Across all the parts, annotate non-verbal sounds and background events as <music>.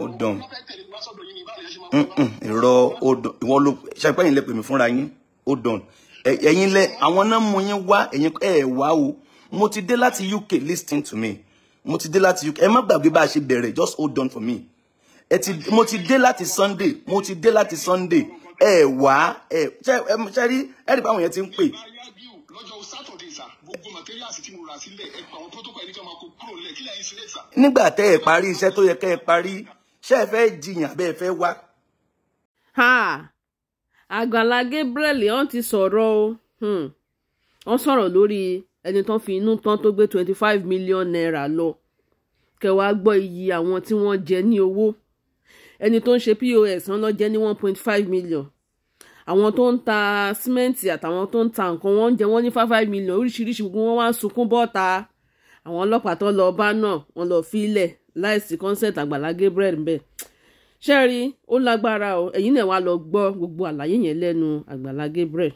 ọdàn ìrọ ọdàn ìwọ ló ṣàpẹ́ yín lẹ pè mí fúnra yín ọdàn ẹ̀yin lẹ àwọn náà mú yín wá ẹ̀yin ẹ̀ wá o mo ti dé láti UK listen to me mo ti dé láti UK ẹ má gbàgbé bá a ṣe bẹ̀rẹ̀ just hold on for me ẹ ti mo ti dé láti Sunday mo ti dé láti Sunday ẹ wá ẹ ṣe rí ẹ rí báwọn yẹn ti ń pè gbogbo materials tí mo rà sílẹ̀ ẹ pa àwọn protocol ẹni kan máa kó kúrò nílẹ̀ kí lẹ́yìn sílẹ̀ sà. nígbà tẹ́ ẹ parí iṣẹ́ tó yẹ kẹ́ ẹ parí ṣé ẹ fẹ́ jiyàn bẹ́ẹ̀ fẹ́ wá. Àgbàlá Gabriel ọ̀hún ti sọ̀rọ̀ o wọ́n hmm. sọ̀rọ̀ lórí ẹni tán fi inú tán tó gbé twenty five million naira lọ kẹwàá gbọ́ iyì àwọn tí wọ́n jẹ ní owó ẹni tó ń ṣe pos wọn lọ jẹ ní one point five million àwọn tó ń ta símẹ́ǹtì àtàwọn tó ń ta nǹkan wọn ń jẹ wọ́n ní five five million oríṣiríṣi gbogbo wọn wá ń sunkún bọ́ta àwọn ọlọ́pàá tó lọ bá náà wọ́n lọ fi ilẹ̀ láìsí consent Àgbàlá Gabriel ńbẹ̀ ṣẹ́ẹ̀rí ó lágbára o ẹ̀yin náà wá lọ gbọ́ gbogbo àlàyé yẹn lẹ́nu Àgbàlá Gabriel.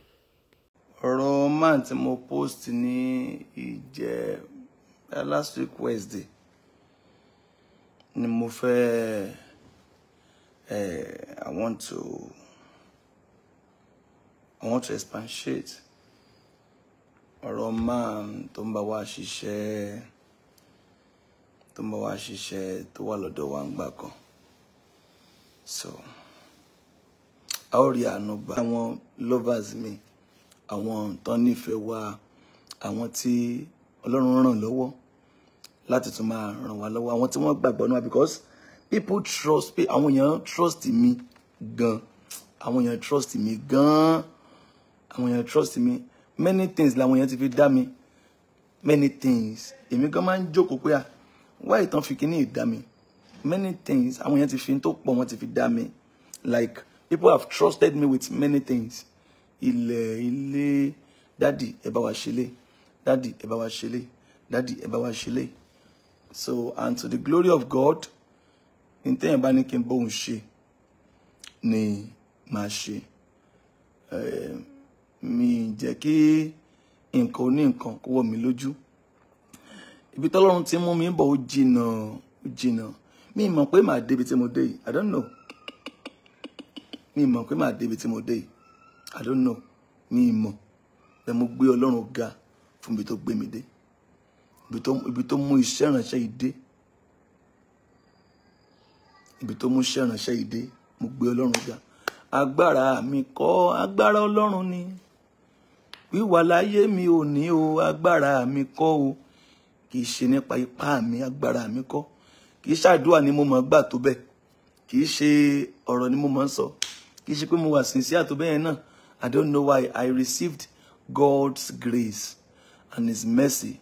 ọ̀rọ̀ man tí mo post ní ìjẹ́ uh, last week Wednesday ni mo fẹ́ eh, I want to. I want to expatiate ọ̀rọ̀ máa tó ń bá wa ṣiṣẹ́ tó ń bá wa ṣiṣẹ́ tó wà lọ́dọ̀ wa ń gbà kan so a ó rí àánú bá àwọn lovers mi àwọn tó nífẹ̀ẹ́ wa àwọn tí ọlọ́run ràn lọ́wọ́ láti tún máa ràn wá lọ́wọ́ àwọn tí wọ́n gbàgbọ́ náà because people trust pé àwọn èèyàn trust mi gan àwọn èèyàn trust me, gan-an àwọn èèyàn trust me many things làwọn èèyàn ti fi dá mi many things If you come and joke jókòó pé à ah, don't ìtàn fi kíní ìdá mi many things I èèyàn ti to tó pọ̀ wọ́n ti fi dá like people have trusted me with many things ilẹ̀ ilé daddy, ẹ bá wa ṣe lé dádì ẹ bá wa ṣe lé dádì wa ṣe so and to the glory of God ní téèyàn bá ní kí n bóun ṣe ni màá ṣe. Um, mi jẹ́ kí nǹkan oní nǹkan kó wọ̀ mí lójú ibi tọ́lọ́run ti mú mi bọ̀ ó jìnà ó jìnà mi mọ̀ pé màá débi tí mo dé yìí i don't know mi mọ̀ pé màá débi tí mo dé yìí i don't know mi mọ̀ pé mo gbé ọlọ́run ga fún ibi tó gbé mi dé ibi tó mú iṣẹ́ ìrànṣẹ́ yìí dé ibi tó mú iṣẹ́ ìrànṣẹ́ yìí dé mo gbé ọlọ́run ga agbára mi kọ́ agbára ọlọ́run ni wíwà láyé mi ò ní o agbára mi kọ́ o kì í ṣe nípa ipá mi agbára mi kọ́ kì í ṣàdúrà ni mo mọ̀ gbà tó bẹ́ẹ̀ kì í ṣe ọ̀rọ̀ ni mo mọ̀ ń sọ kì í ṣe pé mo wà sincere tó bẹ́ẹ̀ náà I don't know why I received God's grace and his mercy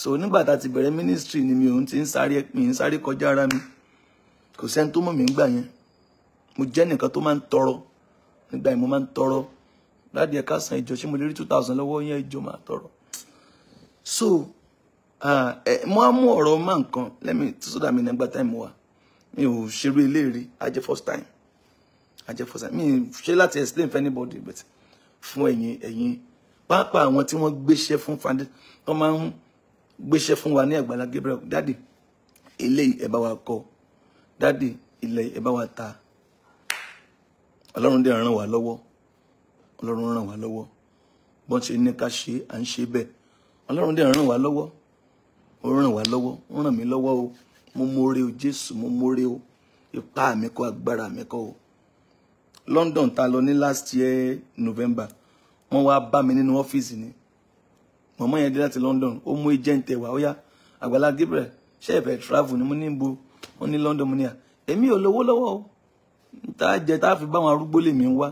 so nígbà tá a ti bẹ̀rẹ̀ ministry ni mi ò ti ń sáré mi ń sáré kọjá ara mi kò sẹ́ni tó mọ̀ mí ń gbà yẹn mo jẹ́ nìkan tó máa ń tọrọ nígbà yẹn mo máa ń tọrọ láti ẹ̀ka san ìjọ ṣé mo lè rí two thousand lọ́wọ́ yẹn ìjọ máa tọrọ so mo á mú ọ̀rọ̀ má nǹkan lẹ́mi tí sódà mi nígbà táìmù wa mi ò ṣerú eléèrè ajẹ́ first time ajẹ́ first time mi ò ṣe láti explain for anybody but fún ẹ̀yin ẹ̀yin pàápàá àwọn tí wọ́n gbéṣẹ́ fún fande wọ́n máa ń gbéṣẹ́ fún wa ní Àgbàlá Gabriel dáàdì eléyìí ẹ bá wa kọ dáàdì ilẹ̀ ẹ bá wa ta ọlọ́run dẹ̀ ràn wá lọ́wọ́ ọlọ́run ràn wá lọ́wọ́ bọ́n ṣe ní ká ṣe à ń ṣe bẹ́ẹ̀ ọlọ́run dẹ̀ ràn wá lọ́wọ́ ó ràn wá lọ́wọ́ ó ràn mí lọ́wọ́ o mo mórè o jésù mo mórè o ipá mi kọ́ agbára mi kọ́ o London ta lọ ní last year November wọ́n wá bá mi nínú ọ́fíìsì ni mọ̀mọ́ yẹn dé láti London ó mú agent ẹ̀ wá ó yá Àgbàlá Gabriel ṣé ẹ travel ni mo ní bo mo ní London mo ní à èmi ò lówó lọ́wọ́ o tá a jẹ tá fi bá àwọn arúgbó lèmi ń wá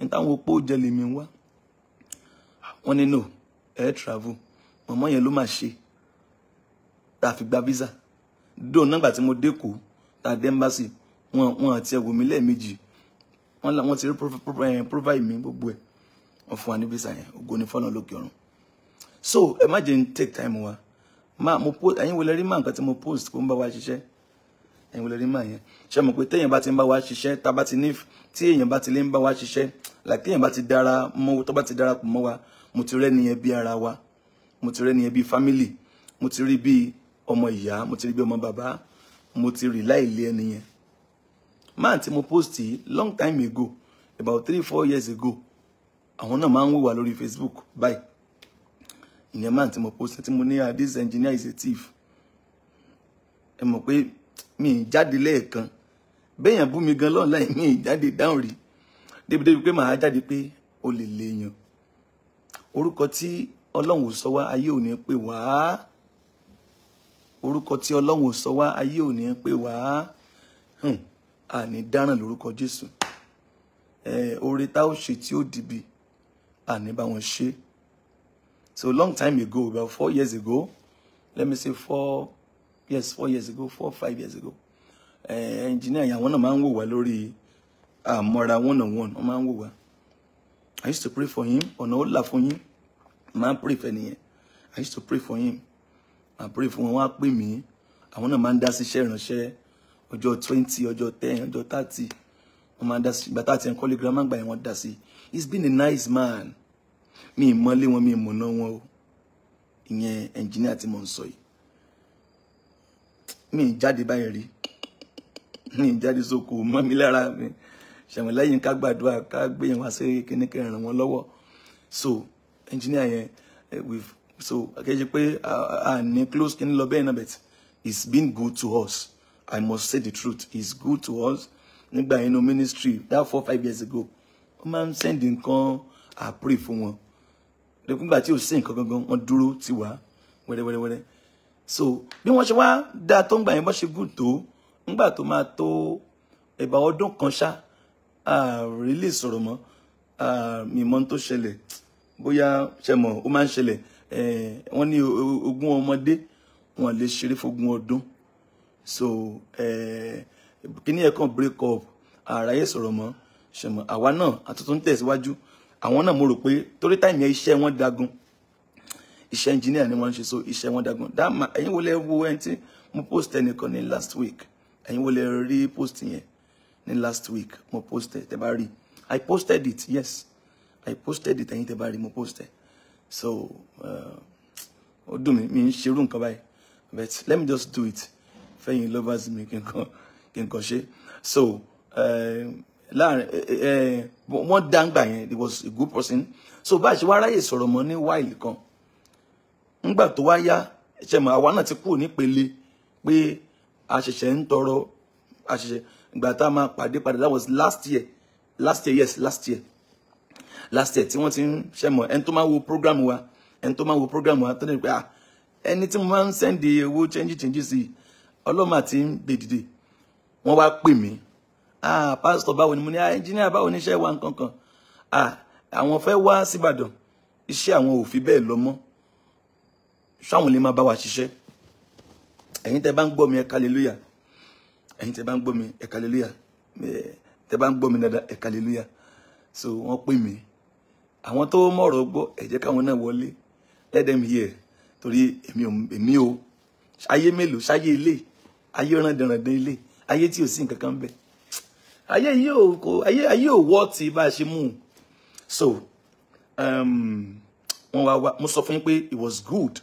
ní opó jẹ lèmi wá wọ́n ní no ẹ travel mọmọ yẹn ló máa ṣe tá a fi gba visa dò nígbà tí mo dẹkọọ tá a dé embassy wọn wọn àti ẹwò mi lẹ́ẹ̀mejì wọn làwọn ti rí eh, profile mi gbogbo ẹ wọn fún wa ní visa yẹn ògo ní fọlọ lókè ọ̀run so ẹ má jẹ́ n take time wa ma mo post ẹ̀yin wo lẹ rí mà nǹkan tí mo post kó ń bá wa ṣiṣẹ́ ẹ̀yin wọlé rí mà yẹn ṣe mọ̀ pé téèyàn bá ti ń bá wa ṣiṣẹ́ tá a bá ti ní tí èèyàn bá ti lè ń bá wa ṣiṣẹ́ like téèyàn bá ti dára mọ́ tó bá ti dára pọ̀ mọ́ wa mo ti rẹ́ nìyẹn bí ara wa mo ti rẹ́ nìyẹn bí family mo ti rí bí ọmọ ìyá mo ti rí bí ọmọ bàbá mo ti rí láì lé ẹni yẹn máa tí mo post yìí long time ago about three four years ago àwọn náà máa ń wò wá lórí Facebook báyìí ìyẹn máa tí mo post tí mo ní ah this engineer is a thief ẹ mọ̀ pé mi ì jáde lẹ́ẹ̀kan bẹ́yàn bú mi gan lọ́nà láì mi ì jáde dáhùn rí débi-débi pé màá jáde pé o lè léèyàn orúkọ tí ọlọ́run ò sọ wá ayé ò ní pè wá orúkọ tí ọlọ́run ò sọ wá ayé ò ní pè wá àní dáràn lórúkọ jésù oore tá ó ṣe tí ó dìbì àní bá wọn ṣe so long time ago about four years ago let me say four yes four years ago four or five years ago eh, engineer yẹn àwọn náà máa ń wò wá more than one on one wọ́n máa ń wò i used to pray for him ọ̀nà ó là fún him, máa pray for nìyẹn i used to pray for him i pray for him. wọ́n á pè mí àwọn náà máa ń dá síṣẹ́ ìránṣẹ́ ọjọ́ or ọjọ́ ten ọjọ́ thirty wọ́n máa ń dá sí ìgbà tá and ẹ̀ńkọ́lé girama gbà yẹn wọ́n dá sí he's been a nice man Me ì mọ́lé me mi ì mọ̀nà wọn engineer at mo mi jáde báyìí rí mi jáde sóko mọ́ mi lára mi ṣẹ̀wọ̀n lẹ́yìn ká gbàdúrà ká gbéyàn wa. sí kíní kí ràn wọ́n lọ́wọ́ so engineer yẹn with eh, so akeji pé a ní close kíní lọ bẹ́ẹ̀ náà but it's been good to us i must say the truth it's good to us nígbà no ministry that four five years ago wọ́n máa ń send pray àpray fún wọn lẹ́kùngbà tí ò sí nǹkan gangan wọ́n dúró ti wá wẹ́rẹ́wẹ́rẹ́wẹ́rẹ́ so bí wọ́n ṣe wá dáa tó ń gbà yẹn bọ́ ṣe gùn tó ńgbà tó máa tó ẹ̀bà ọdún kan ṣá ààrẹ lè sọ̀rọ̀ mọ́ mímọ́ tó ṣẹlẹ̀ bóyá ṣe mọ̀ ó máa ń ṣẹlẹ̀ wọ́n ní ogún ọmọdé wọn lè ṣeré fógún ọdún so kíní ẹ̀ kàn break up ààráyé sọ̀rọ̀ mọ́ ṣe mọ̀ àwa náà àtúntò ń tẹ̀síwájú àwọn náà mo rò pé torí táìmì iṣẹ́ wọn dagun iṣẹ́ engineer ni wọ́n ń ṣe so iṣẹ́ wọn that dáàmà ẹ̀yin wo lẹ wo ẹni tí mo post ẹnìkan ní last week ẹ̀yin wo lẹ rí post yẹn ní last week mo post ẹ̀ tẹ́ bá rí i posted it yes i posted it ẹ̀yin tẹ́ bá rí mo post ẹ̀ so uh, ó dùn mí mi ń ṣerú nǹkan báyìí but let me just do it fẹ́yìn lovers mi kí n kàn kí n kàn ṣe so uh, láàrin uh, wọ́n dáńgbà yẹn it was a good person so bá a ṣe wá ráyè sọ̀rọ̀ mọ́ ní wáìlì kan ńgbà tó wá yá ṣe mọ̀ àwa náà ti kúrò nípele pé a ṣẹ̀ṣẹ̀ ń a ṣẹ̀ṣẹ̀ ìgbà tá a máa pàdé that was last year last year yes last year last year tí wọ́n ti ń ṣe mọ̀ ẹni tó wo program wa ẹni tó máa wo program wa tó ní pé ah, ẹni tí mo máa ń sẹ́ndì owó change change sí ọlọ́mọ àti ń gbèdìde wọ́n wá pè mí ah pastor báwo ni mo ní ah engineer báwo ni iṣẹ́ wa nǹkan kan ah àwọn fẹ́ wá síbàdàn iṣẹ́ àwọn ò fi bẹ́ẹ̀ lọ mọ́ ṣáwọn lè máa bá wa ṣiṣẹ́ ẹ̀yin tẹ́ bá ń gbọ́ mi ẹ̀ka lélúyà ẹ̀yin tẹ́ bá ń gbọ́ mi ẹ̀ka lélúyà tẹ́ bá ń gbọ́ mi dáadáa ẹ̀ka lélúyà so wọ́n pè mí àwọn tó mọ̀rọ̀ gbọ́ ẹ káwọn náà wọlé let them hear torí èmi ò èmi ò ayé mélòó ṣáyé ilé ayé ràndìràndìn ilé ayé tí ò sí nǹkan kan bẹ́ẹ̀ ayé yìí ò kò ayé ayé ò wọ́ ti bá a ṣe mú un so um, wọ́n wá wá mo sọ fún yín pé it was good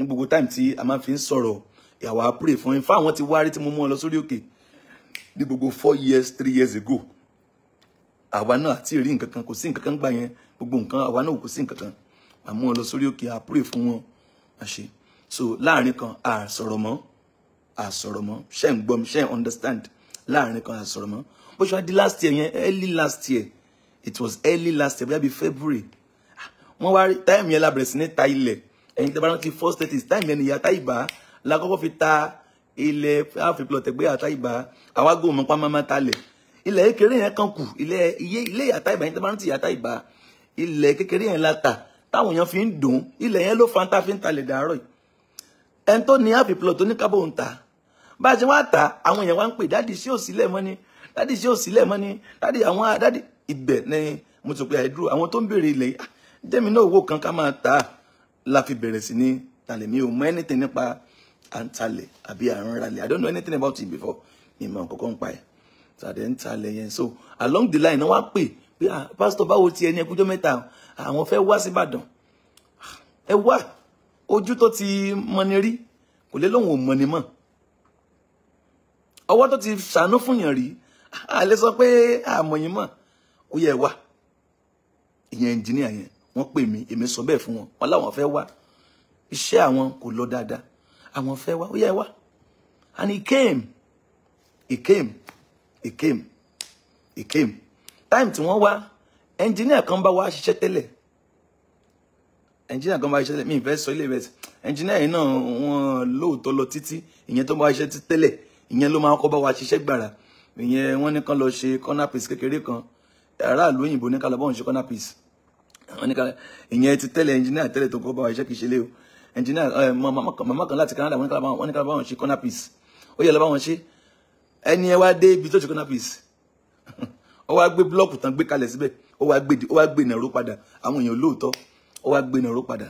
ní gbogbo time tí a máa fi ń sọ̀rọ̀ ìyàwó àpúrè fún ifá àwọn ti wárí tí mo mú ọ lọ sórí òkè ní gbogbo four years three years ago àwa náà àti rí nǹkan kan kò sí nǹkan kan gbà yẹn gbogbo nǹkan àwa náà kò sí nǹkan kan a mú ọ lọ sórí òkè àpúrè fún wọn àṣe so láàrin kan a sọ̀rọ̀ mọ́ a sọ̀rọ̀ mọ́ ṣe ń gbọ́ mi ṣe ń understand láàrin kan a sọ̀rọ̀ mọ́ bó ṣe wá di last year yẹn early last year it was early last year bí i February ah, wọ́n wá time yẹn la bẹ̀rẹ̀ sí ní ta ilẹ̀ ẹ̀yin tẹ́ bá rántí first status táìmù ẹni ìyá táìbá la fi ta ilẹ̀ àfipilọ̀ tẹ̀gbẹ́ àtàìbá àwa gò mọ́ pàmò talẹ̀ ilẹ̀ kékeré yẹn kan kù ilẹ̀ iye ilé ìyá táìbá ẹ̀yin tẹ́ bá rántí ìyá táìbá ilẹ̀ kékeré yẹn la tà táwọn èèyàn fi ń dùn ilẹ̀ yẹn ló fa tá fi ń talẹ̀ dàárọ̀ yìí ẹni tó ní àfipilọ̀ tó ní kábò ń ta bá a ṣe wá ta àwọn èèyàn wá ń pè dáàdì sí òsílẹ̀ mọ́ ni dáàdì sí òsílẹ̀ mọ́ ni dáàdì àwọn dáàdì ibẹ̀ ni mo ti pè àìdúró àwọn tó ń béèrè ilẹ̀ yìí ah, jẹ́mi náà owó kan ká máa ta á la fi bẹ̀rẹ̀ sí ní talẹ̀ mi ò mọ anything nípa à ń talẹ̀ àbí à ralẹ̀ I don't know anything about it before mi mọ nǹkan kan pa ẹ̀ tàdé ń talẹ̀ yẹn so along the line wọ́n á pè pé ah, pásítọ̀ báwo ti ẹni ẹkújọ́ mẹ́ta àwọn fẹ́ wá síbàdàn ah, ẹ wá ojú tó ti mọni rí kò lè lóun ò mọni mọ́ ọwọ́ tó ti ṣàánú fúnyàn rí àlẹ́ sọ pé àmọ̀yìn mọ̀ ó yẹ wá ìyẹn ẹnjìníà yẹn wọ́n pè mí èmi sọ bẹ́ẹ̀ fún wọn wọn láwọn fẹ́ wá iṣẹ́ àwọn kò lọ dáadáa àwọn fẹ́ wá ó yẹ wá and he came he came he came he came time tí wọ́n wá ẹnjìníà kan bá wá ṣiṣẹ́ tẹ́lẹ̀ ẹnjìníà kan bá ṣiṣẹ́ tẹ́lẹ̀ mi ìfẹ́ sọ ilé rẹ̀ ẹnjìníà yìí náà wọ́n lóòótọ́ lọ títí ìyẹn tó bá wá ṣiṣẹ́ tẹ́lẹ̀ ìyẹn ló máa kọ́ bá wá ṣiṣẹ́ gbàrà ìyẹn wọ́n ní kán lọ ṣe corner piece kékeré kan aráàlú òyìnbó ní kálọ̀ bọ́ọ̀n ṣe corner piece wọ́n ní ká ìyẹn ti tẹ́lẹ̀ ẹnjìníà tẹ́lẹ̀ tó kọ́ bá wa iṣẹ́ kì ṣe lé o ẹnjìníà eh, màmá kan láti Canada wọ́n ní ká bá wọn ṣe corner piece ó yẹ lọ bá wọn ṣe ẹni ẹ wá dé ibi tó ṣe corner piece <laughs> ó wá gbé blọ́ọ̀kù tán gbé kalẹ̀ síbẹ̀ ó wá gbé ó wá gbé ìnàró padà àwọn èèyàn lóòótọ́ ó wá gbé ìnàró padà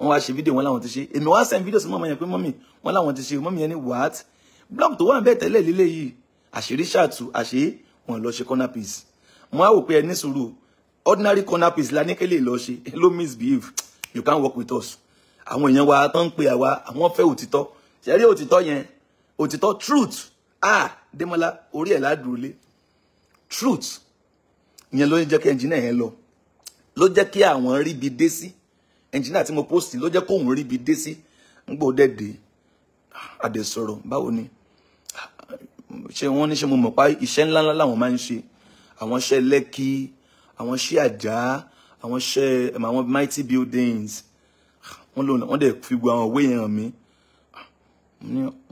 wọ́n wá ṣe fídíò wọn láwọn ti ṣe èmi wá send fídíò sí mọ́mọ́ yẹn pé mọ́mì wọn láwọn ti ṣe mọ́mì yẹn ní what blọ́ọ̀kù tó wà bẹ́ẹ̀ tẹ́lẹ̀ lílé yìí àṣírí ṣàtù àṣé wọn lọ ṣe corner piece mo á wò pé ẹ ní sùúrù ordinary corner piece la ní kẹ́lẹ́ lọ ṣe ló misbehave you can't work with us àwọn èèyàn wa tó ń pe àwa àwọn fẹ́ otito, ṣẹ́rí otito yen, otito truth ah Démọ́lá orí ẹ̀ ládùúlé truth yẹn ló ń jẹ́ kí ẹnjìnà yẹn lọ ló jẹ́ kí àwọn ríbi dé sí ẹnjìnà tí mo post ló jẹ́ kóun ríbi dé sí ngbò dẹ́dẹ́ àdèsọ̀rọ̀ báwo ni ṣé wọ́n ní ṣe mo mọ̀ pa iṣẹ́ ńláńlá làwọn máa ń ṣe àwọn iṣẹ́ lẹ́kìí àwọn ṣé àjá àwọn ṣé àwọn mighty buildings wọ́n lò wọ́n dẹ̀ fi gbogbo àwọn òwe yẹn hàn mí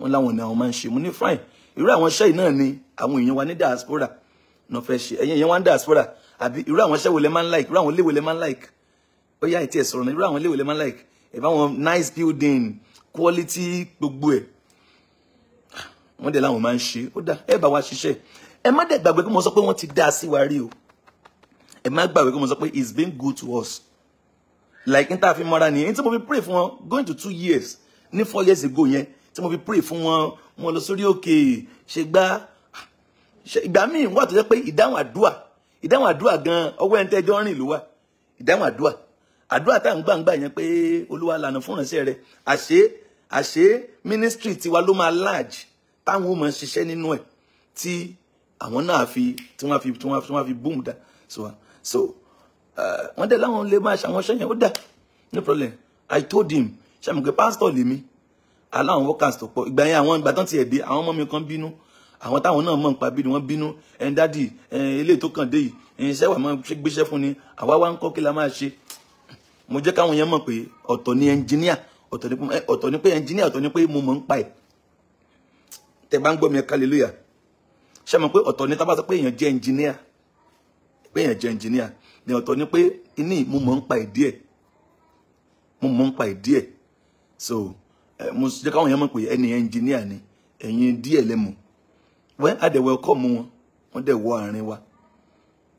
wọ́n láwọn ni àwọn máa ń ṣe mo ní fine irú àwọn iṣẹ́ yìí náà ni àwọn èèyàn wa ní diaspora náà fẹ́ ṣe ẹ̀yin èèyàn wa ní diaspora àbí irú àwọn iṣẹ́ wo lẹ máa ń like irú àwọn ilé wo lẹ máa ń like ó yá ìtí ẹ̀ sọ̀rọ̀ náà irú àwọn ilé wo lẹ máa ń like ẹ̀bá wọn nice building quality gbogbo ẹ̀ wọ́n dẹ̀ láwọn máa ń ṣe ó dá ẹ bá wa ṣiṣẹ́ ẹ má dẹ̀ gbàgbé pé mo sọ pé wọ́n ti dá sí wa rí o ẹ má gbàgbé kó mo sọ pé it's been good to us like n ta fi mọ́ra nìyẹn tí mo fi pray fún wọn going to two years ní four years ago yẹn tí mo fi pray fún wọn wọn lọ sórí òkè ṣe gbá ìgbà míì wà tó jẹ́ pé ìdáhùn àdúà ìdáhùn àdúà gan ọwọ́ ẹni tẹ́jọ́ rìn ló wà ìdáhùn àdúà àdúà tá à ń gbàǹgbà yẹn pé olúwa lànà fúnránṣẹ́ rẹ àṣé àṣé ministry tiwa ló máa large táwọn ò mọ̀ ṣiṣẹ́ nínú ẹ̀ tí àwọn náà fi tí wọ́n fi tí wọ́n fi boom da so so uh, wọ́n dẹ̀ láwọn lè máa ṣàwọn ṣẹ́yìn ó dà no problem i told him ṣàmùgbé pásítọ̀ lèmi aláwọn workers tó pọ̀ ìgbà yẹn àwọn ìgbà tán ti ẹ̀ dé àwọn ọmọ mi kan bínú àwọn táwọn náà mọ̀ nípa bí wọ́n bínú ẹn dádì eléyìí tó kàn dé yìí iṣẹ́ wà máa gbéṣẹ́ fún ni àwa wá ń kọ́ kí la máa ṣe mo jẹ́ káwọn yẹn mọ̀ pé ọ̀tọ̀ ni ẹnjìníà ọ̀tọ̀ ni pé ẹnjìníà ọ̀tọ̀ ni pé mo mọ̀ ń pa ẹ̀ tẹ̀ bá ń mi hallelujah ṣe mọ̀ pé ọ̀tọ̀ ni tá bá engineer pé èèyàn jẹ́ engineer ní ọ̀tọ̀ ni pé iní mo mọ̀ ń pa ìdí ẹ̀ mo mọ̀ ń pa ìdí ẹ̀ so mo jẹ́ káwọn èèyàn mọ̀ pé ẹni engineer ni ẹ̀yin díẹ̀ lẹ́mu wẹ́n adẹ̀wẹ̀ ọkọ̀ mu wọn wọ́n dẹ̀ wọ àárín wa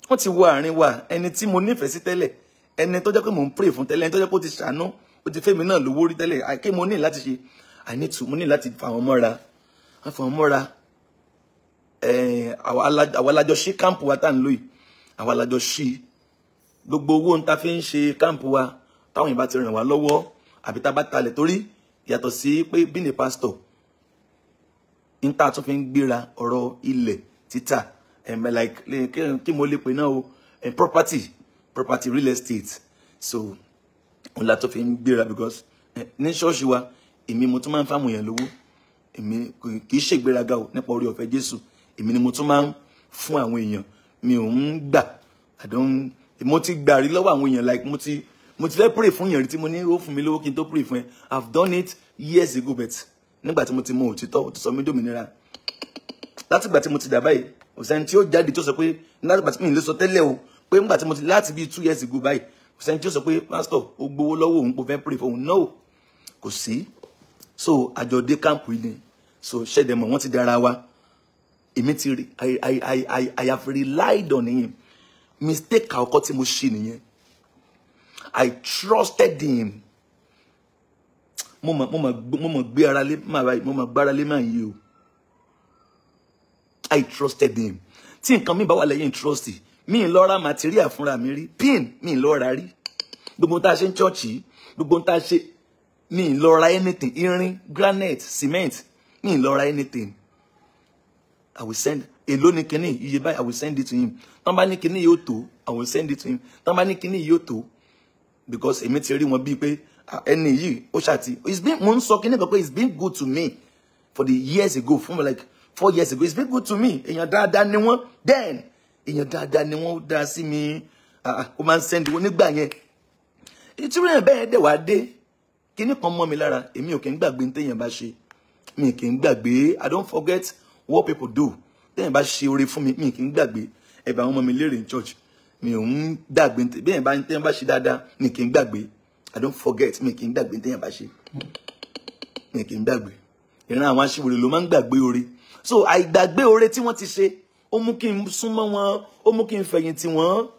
wọ́n ti wọ àárín wa ẹni tí mo nífẹ̀ẹ́ sí tẹ́lẹ̀ ẹni tó jẹ́ pé mò ń pray fún tẹ́lẹ̀ ẹni tó jẹ́ pé ó ti ṣàánú ó ti fẹ́mi náà lówó rí tẹ́lẹ̀ àìké mo ní láti ṣe àìnítù mo ní láti fa àwọn mọ́ra fa àwọn mọ́ra àwọn alájọṣe kámpù wa tá à ń lò àwa lájọ ṣí gbogbo owó tá fi ń ṣe káàmpù wa táwọn yìí bá ti ràn wá lọ́wọ́ àbí tá a bá talẹ̀ torí yàtọ̀ sí pé bíní pásítọ̀ níta tún fi ń gbéra ọ̀rọ̀ ilẹ̀ títà ẹ̀mẹ̀ like kí mo lè pè náà o property property real estate so òun la tó fi ń gbéra because ní ṣọ́ọ̀ṣì wa èmi mo tún máa ń fáwọn èèyàn lówó èmi kì í ṣègbéraga o nípa orí ọ̀fẹ́ Jésù èmi ni mo tún máa ń fún àwọn èèyàn mi ò ń gbà i don't mo ti gbà lọ́wọ́ àwọn èèyàn like mo ti mo ti fẹ́ pray fún èèyàn tí mo ní ó fún mi lówó kí n tó pray fún ẹ i've done it years ago but nígbà tí mo ti mọ òtítọ́ ó ti sọ mí dòmìnira látìgbà tí mo ti dà báyìí kò sẹ́ni tí ó jáde tó sọ pé látìgbà tí mi lè sọ tẹ́lẹ̀ o pé nígbà tí mo ti láti bíi two years ago báyìí kò tí ó sọ pé pásítọ̀ ó gbowó lọ́wọ́ òun kò fẹ́ pray fún òun no kò sí so àjọ̀dé káàpù yìí ni so ṣẹ̀dẹ̀mọ̀ wọ́n ti dára wa èmi I, I, I, I, I have relied on him mistake àkọ́kọ́ tí mo ṣe I trusted him mo mọ̀ mo mọ̀ mo mọ̀ gbé ara I trusted him Think nǹkan mi bá wà lẹ́yìn trust mi ń lọ material from the Mary pin me and Laura. The montage gbogbo tá a ṣe ń chọ́ọ̀chì gbogbo anything irin granite cement me and Laura anything I will send èló ni kinní iye báyìí I will send it to him Tamba bá ní kinní yóò I will send it to him Tamba bá ní kinní yóò because èmi ti rí wọn bíi any ah, ẹni yìí ó it's been mo ń sọ kinní it's been good to me for the years ago From like four years ago it's been good to me èèyàn dáadáa ni wọ́n then èèyàn dáadáa ni wọ́n dá sí mi ah, ah, ó máa ń send wọn nígbà yẹn ìtúrò yẹn bẹ́ẹ̀ dẹ̀ wá dé kinní kan mọ́ mi lára èmi ò kì í gbàgbé ní téèyàn bá ṣe mi kì í gbàgbé I don't forget what people do then, bá ṣe oore fún mi mi kì í gbàgbé ẹ̀bà àwọn ọmọ mi lérè ní church mi ò ń gbàgbé bẹ́ẹ̀ bá tẹ́yìn bá ṣe dáadáa mi kì í i don't forget mi kì í gbàgbé tẹ́yìn bá ṣe mi kì í gbàgbé ìran àwọn aṣíwèrè ló máa ń gbàgbé oore so àìgbàgbé oore tí wọ́n ti ṣe ó mú kí n súnmọ́ wọn ó mú kí n fẹ̀yìntì wọn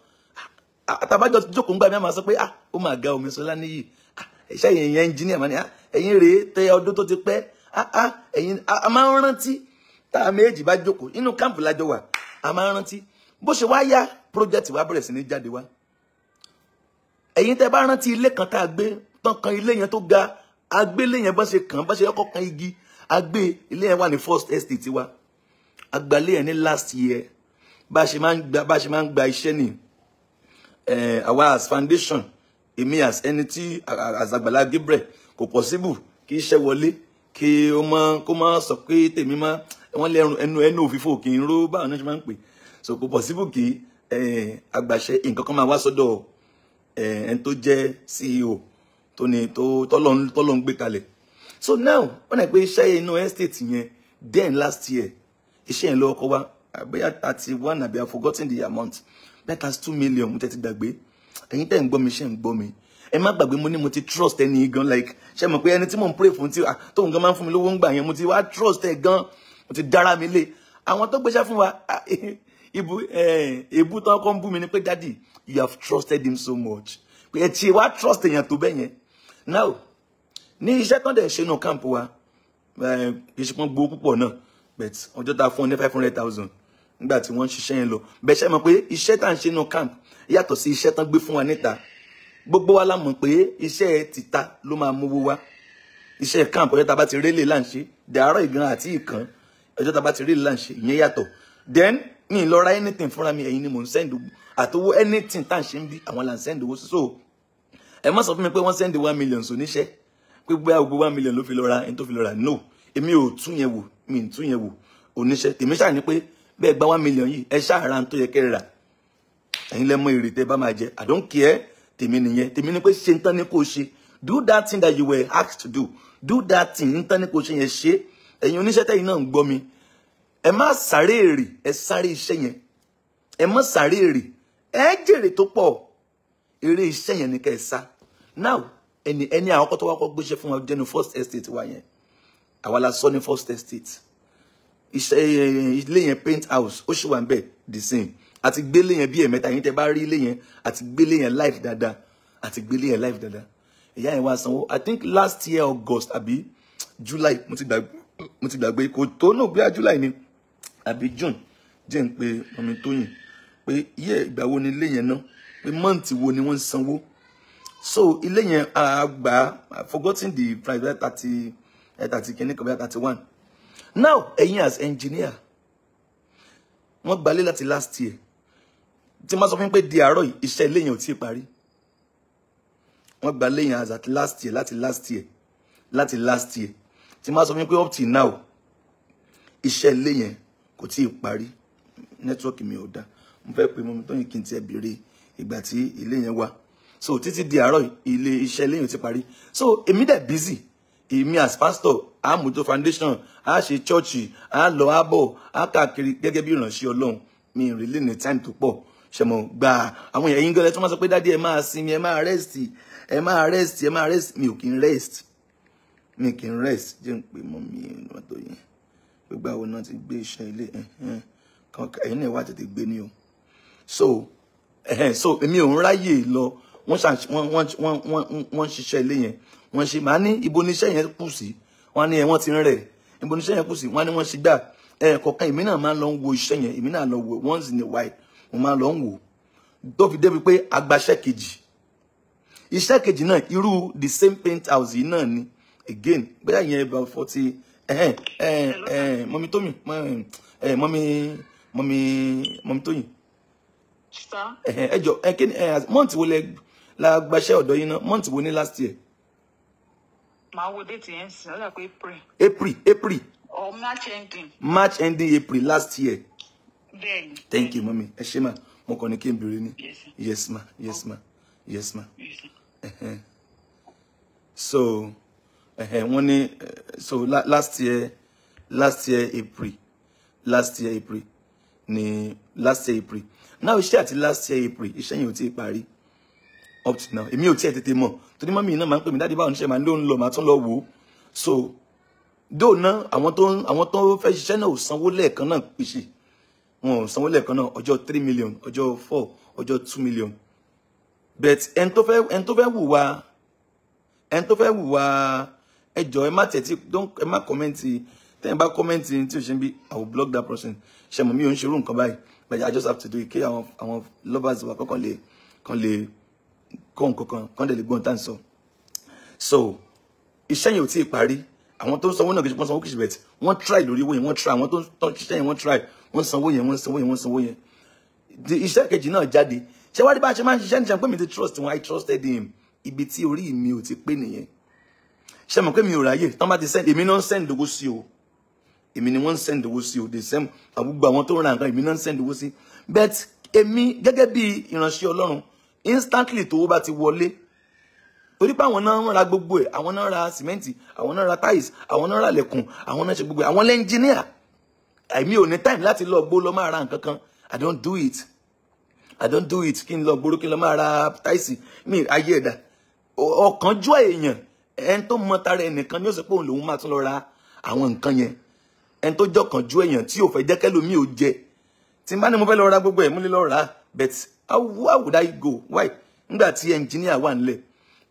àtàbájọ ah, jókòó ń gbà mí àmà sọ pé ah ó máa ga omi sọlá níyì iṣẹ́ ah, yẹn yẹn ẹnjíníà máa ní ah ẹ̀yin rèé tẹ ọdún tó ti pẹ́ ah ah ẹ̀yin a máa ń tá a méjì bá jókòó inú kámpù lájọ wà a máa rántí bó ṣe wá yá project wa bẹ̀rẹ̀ sí ní jáde wá ẹ̀yin tẹ́ bá rántí ilé kan tá a gbé tán kan ilé yẹn tó ga a gbé ilé yẹn bá ṣe kàn bá ṣe kan igi a gbé ilé yẹn wà first estate wa a gba ilé yẹn last year bá ṣe máa ń gba bá ṣe máa gba iṣẹ́ ni àwa as foundation èmi as ẹni tí as Àgbàlá Gabriel kò possible kí iṣẹ́ wọlé kí o mọ kó má sọ pé tèmi má wọ́n lẹ́nu ẹnu ẹnu òfìfo kì í ró báwọn náà ṣe máa ń pè so kò pọ̀sibú kí agbàṣẹ nǹkan kan máa wá sọ́dọ̀ ẹni tó jẹ́ CEO tó ní tó tọ́lọ́ ń gbé kalẹ̀ so now wọ́n náà pé iṣẹ́ inú estate yẹn then last year iṣẹ́ yẹn lọ́wọ́ kọ́ wá bóyá thirty one àbí forgotten the amount bẹ́ẹ̀ that's two million mo tẹ́ ti gbàgbé ẹ̀yin tẹ́ ń gbọ́ mi ṣe ń gbọ́ mi ẹ má gbàgbé mo ní mo ti trust ẹni gan like ṣe mọ̀ pé ẹni tí mò ń pray fún tí tóun gan máa ń fún mi lówó ń gbà yẹn mo ti wá trust ẹ gan mo ti dára mi lé àwọn tó gbéṣẹ́ fún wa <laughs> ibu ibu eh, tó kọ́ ń mi ni pé dádì you have trusted him so much pé ẹ ti wá trust èèyàn tó bẹ́ẹ̀ yẹn now ní iṣẹ́ tán dẹ̀ ṣe nù camp wa eh, kì í ṣe pọ́n gbowó púpọ̀ náà but ọjọ́ ta fún ọ ní five hundred thousand nígbà tí wọ́n ń ṣiṣẹ́ yẹn lọ bẹ́ẹ̀ ṣe mọ̀ pé iṣẹ́ tá à ń ṣe nù camp yàtọ̀ sí iṣẹ́ tán gbé fún wa níta gbogbo wa la mọ̀ pé iṣẹ́ tìta ló máa mówó wá iṣẹ́ camp ọjọ́ ta bá ti rélé là ń ṣe dàárọ̀ ìgbìmọ̀ àti ìkan ọjọ́ tá a bá ti rí láǹṣe ìyẹn yàtọ̀ then mi lọ ra anything fúnra mi ẹ̀yin ni mò ń send owó àtowó anything tá à ń ṣe ń bí àwọn là ń send owó sí so ẹ má sọ fún mi pé wọ́n send one million sóníṣẹ́ pé bóyá gbogbo one million ló fi lọ ra ẹni tó fi lọ ra no èmi ò tún yẹn wò mi ò tún yẹn wò oníṣẹ́ tèmi ṣáà ni pé bẹ́ẹ̀ gba one million yìí ẹ ṣáà ra tó yẹ kẹ́ rà ẹ̀yin lẹ́mọ èrè tẹ́ bá máa jẹ I don't care tèmi nìyẹn tèmi ni pé ṣe ń tán ní kó ṣe do that thing that you were asked to do do that thing ń tán ní kó ṣe yẹn ṣe é ẹ̀yin oníṣẹ́ tẹ́yin náà ń gbọ́ mi ẹ má sáré èrè ẹ sáré iṣẹ́ yẹn ẹ má sáré èrè ẹ jèrè tó pọ̀ èrè iṣẹ́ yẹn ni kẹ́ ẹ sá now ẹni ẹni àwọn kọ́tọ́ wá kọ́ gbéṣẹ́ fún wa jẹ́ ní first estate wa yẹn àwa la sọ ní first estate iṣẹ́ ilé yẹn paint house ó ṣì wà ń bẹ̀ the same àti gbélé yẹn bí ẹ̀mẹ́ta yín tẹ́ bá rí ilé yẹn àti gbélé yẹn life dada. àti gbélé yẹn life dada. ìyá yẹn wá sanwó i think last year august àbí july mo ti gbàgbé mo ti gbàgbé kò tó náà bí july ni àbí june jẹ́ ń pe mọ̀mí tóyìn pé iye ìgbà wo ni ilé yẹn ná pé mọ́ǹtì wo ni wọ́n ń sanwó so ilé yẹn a gbà i forgotten the price thirty eh, thirty kìíní kan thirty one now ẹ̀yin as engineer wọ́n gbalé láti last year tí ma sọ fún pé di àárọ̀ iṣẹ́ ilé yẹn ò tí ì parí wọ́n gbalé yẹn as at last year láti last year láti last year tí máa sọ mi pé up now iṣẹ́ ilé yẹn kò tí ì parí mi ò dá mo fẹ́ pe mọ́mi tóyìn kí n tiẹ̀ béèrè ìgbà tí ilé yẹn wà so títí di àárọ̀ ilé iṣẹ́ ilé yẹn ti parí so èmi dẹ̀ busy èmi as pastor a mójútó foundation a ṣe chọ́ọ̀chì a lọ a a káàkiri gẹ́gẹ́ bí ìrànṣẹ́ ọlọ́run mi really ní time tó pọ̀ ṣẹmọ gba àwọn èèyàn yín gẹ́lẹ́ tó máa sọ pé dádì ẹ máa sinmi ẹ máa rest ẹ máa rest ẹ máa rest mi ò kí rest Making rest jẹ́ ń pè mọ́ mi ìrìnà tó yẹn gbogbo àwọn náà ti gbé iṣẹ́ ilé kankan ẹ̀yìn náà wà tètè gbé ní o so so èmi ò ń ráyè lọ wọ́n ṣiṣẹ́ ilé yẹn wọ́n ṣe máa ní ibo níṣẹ́ yẹn kù sí wọ́n ní ẹ wọ́n ti ń rẹ̀ ibo níṣẹ́ yẹn kù sí wọ́n ní wọ́n ṣe gbà ẹ kọ̀ọ̀kan èmi náà máa ń lọ wo iṣẹ́ yẹn èmi náà lọ wo once in a while mo máa lọ ń wò tó fi débi pé agbaṣẹ́ kejì iṣẹ́ kejì náà irú the same paint house yìí náà ni again bóyá ìyẹn bá forty mọ́mí tómi mọ́mí mọ́mí mọ́mí tóyìn. ẹ jọ ẹ kí ni mọ́ǹtì wo la gbaṣẹ́ ọ̀dọ́ yín náà mọ́ǹtì wo ní last year. màá wo déètì yẹn sí ọ̀dà pé april. april april. or march ending. march ending april last year. bẹ́ẹ̀ni. thank you mọ́mí ẹ ṣé ma mo kàn ní kí n bèrè ni. yes ma yes ma yes ma. Oh. Yes, ma. Yes, ma. so so last year last year April last year April ni last year April now iṣẹ́ at last year April iṣẹ́ yẹn ò tí ì parí up to now èmi ò tí ì tètè mọ̀ torí mọ́mí náà máa ń pè mí dáadé báwọn oníṣẹ́ máa ń ló ń lọ màá tún lọ wò ó so dóò náà àwọn tó àwọn tó fẹ́ ṣiṣẹ́ náà ò sanwó lẹ́ẹ̀kan náà pèsè wọn ò sanwó lẹ́ẹ̀kan náà ọjọ́ three million ọjọ́ four ọjọ́ two million but ẹni tó fẹ́ ẹni tó fẹ́ wùwà ẹni tó fẹ́ wùwà ẹ jọ ẹ má tẹ̀tí ẹ má kọ́mẹ́ǹtì tẹ́yìn bá kọ́mẹ́ǹtì tí ò ṣe ń i will block that person ṣe mọ̀ mí ò ń ṣerú nǹkan báyìí but I just have to do it kí àwọn àwọn lovers wa kọ́kàn lè kàn lè kọ́ nǹkan kan kàn lè gbọ́n tá à so iṣẹ́ yẹn ò tí ì parí àwọn tó ń sanwó náà kì í ṣe wọ́n sanwó try lórí owó yẹn wọ́n try àwọn tó ń ṣiṣẹ́ yẹn wọ́n try wọ́n sanwó yẹn wọ́n sanwó yẹn wọ́n sanwó yẹn iṣẹ́ kejì náà jáde ṣé wá rí bá a ṣe máa ń ṣiṣẹ́ nìṣẹ́ mi ti trust wọn I trusted him ibi tí orí mi ò ti pé nìyẹn ṣe mọ̀ pé mi ò ráyè tán bá ti send èmi náà ń send owó sí o èmi ni wọ́n ń send owó sí o the same àgbùgbà àwọn tó ń ra nǹkan èmi náà ń send owó sí but èmi gẹ́gẹ́ bí ìránṣẹ́ Ọlọ́run instantly tówó bá ti wọlé torí pé àwọn náà ń ra gbogbo ẹ̀ àwọn náà ra sìmẹ́ǹtì àwọn náà ra tiles àwọn náà ra lẹ̀kùn àwọn náà time láti lọ I don't do it I don't do it King n lọ gbóró kí n lọ máa ra tiles mi ayé ẹ̀dá ọ̀kan jọ ẹni tó mọ tara ẹnìkan ní òsèpò òun lòun máa tún lọ ra àwọn nǹkan yẹn ẹni tó jọkàn ju èèyàn tí ò fẹ́ jẹ́ kẹ́lòmí ò jẹ tí n bá ní mo fẹ́ lọ ra gbogbo ẹ̀ mo lè lọ rà but how would I go why nígbà tí ẹnjìníà wà nílẹ̀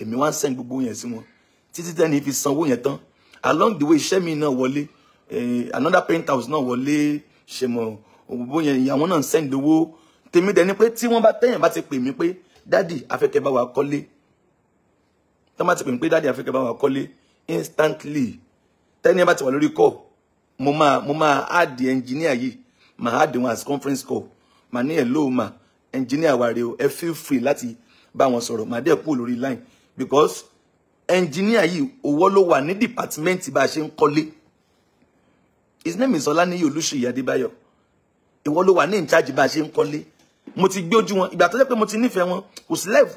èmi wá ń sẹ́yìn gbogbo yẹn sí wọn títí tẹ́ni fi sanwó yẹn tán along the way she mi náà wọlé eh, another paint house náà wọlé ṣe mọ̀ gbogbo yẹn ìyàwó náà ń sẹ́yìn lówó tèmi dẹ̀ ni pé tí wọ́n bá tẹ́yàn bá ti pè mí pé dádì afẹ́kẹ́ bá wa kọ́lé tán bá ti pè mí pé dáàdì àfẹ́kẹ́ bá wọn kọ́lé instantly tẹ́ni ẹ bá ti wà lórí call mo máa mo máa add engineer yìí màá add wọn as conference call màá ní ẹ̀ lóò mà engineer wa rè o ẹ feel free láti bá wọn sọ̀rọ̀ màá dẹ̀ kúrò lórí line because engineer yìí owó ló wà ní department bá a ṣe ń kọ́lé his name is Ọláníyì Olúṣèyí Adébáyọ̀ ìwọ ló wà ní in charge bá a ṣe ń kọ́lé mo ti gbé ojú wọn ìgbà tó jẹ́ pé mo ti nífẹ̀ẹ́ wọn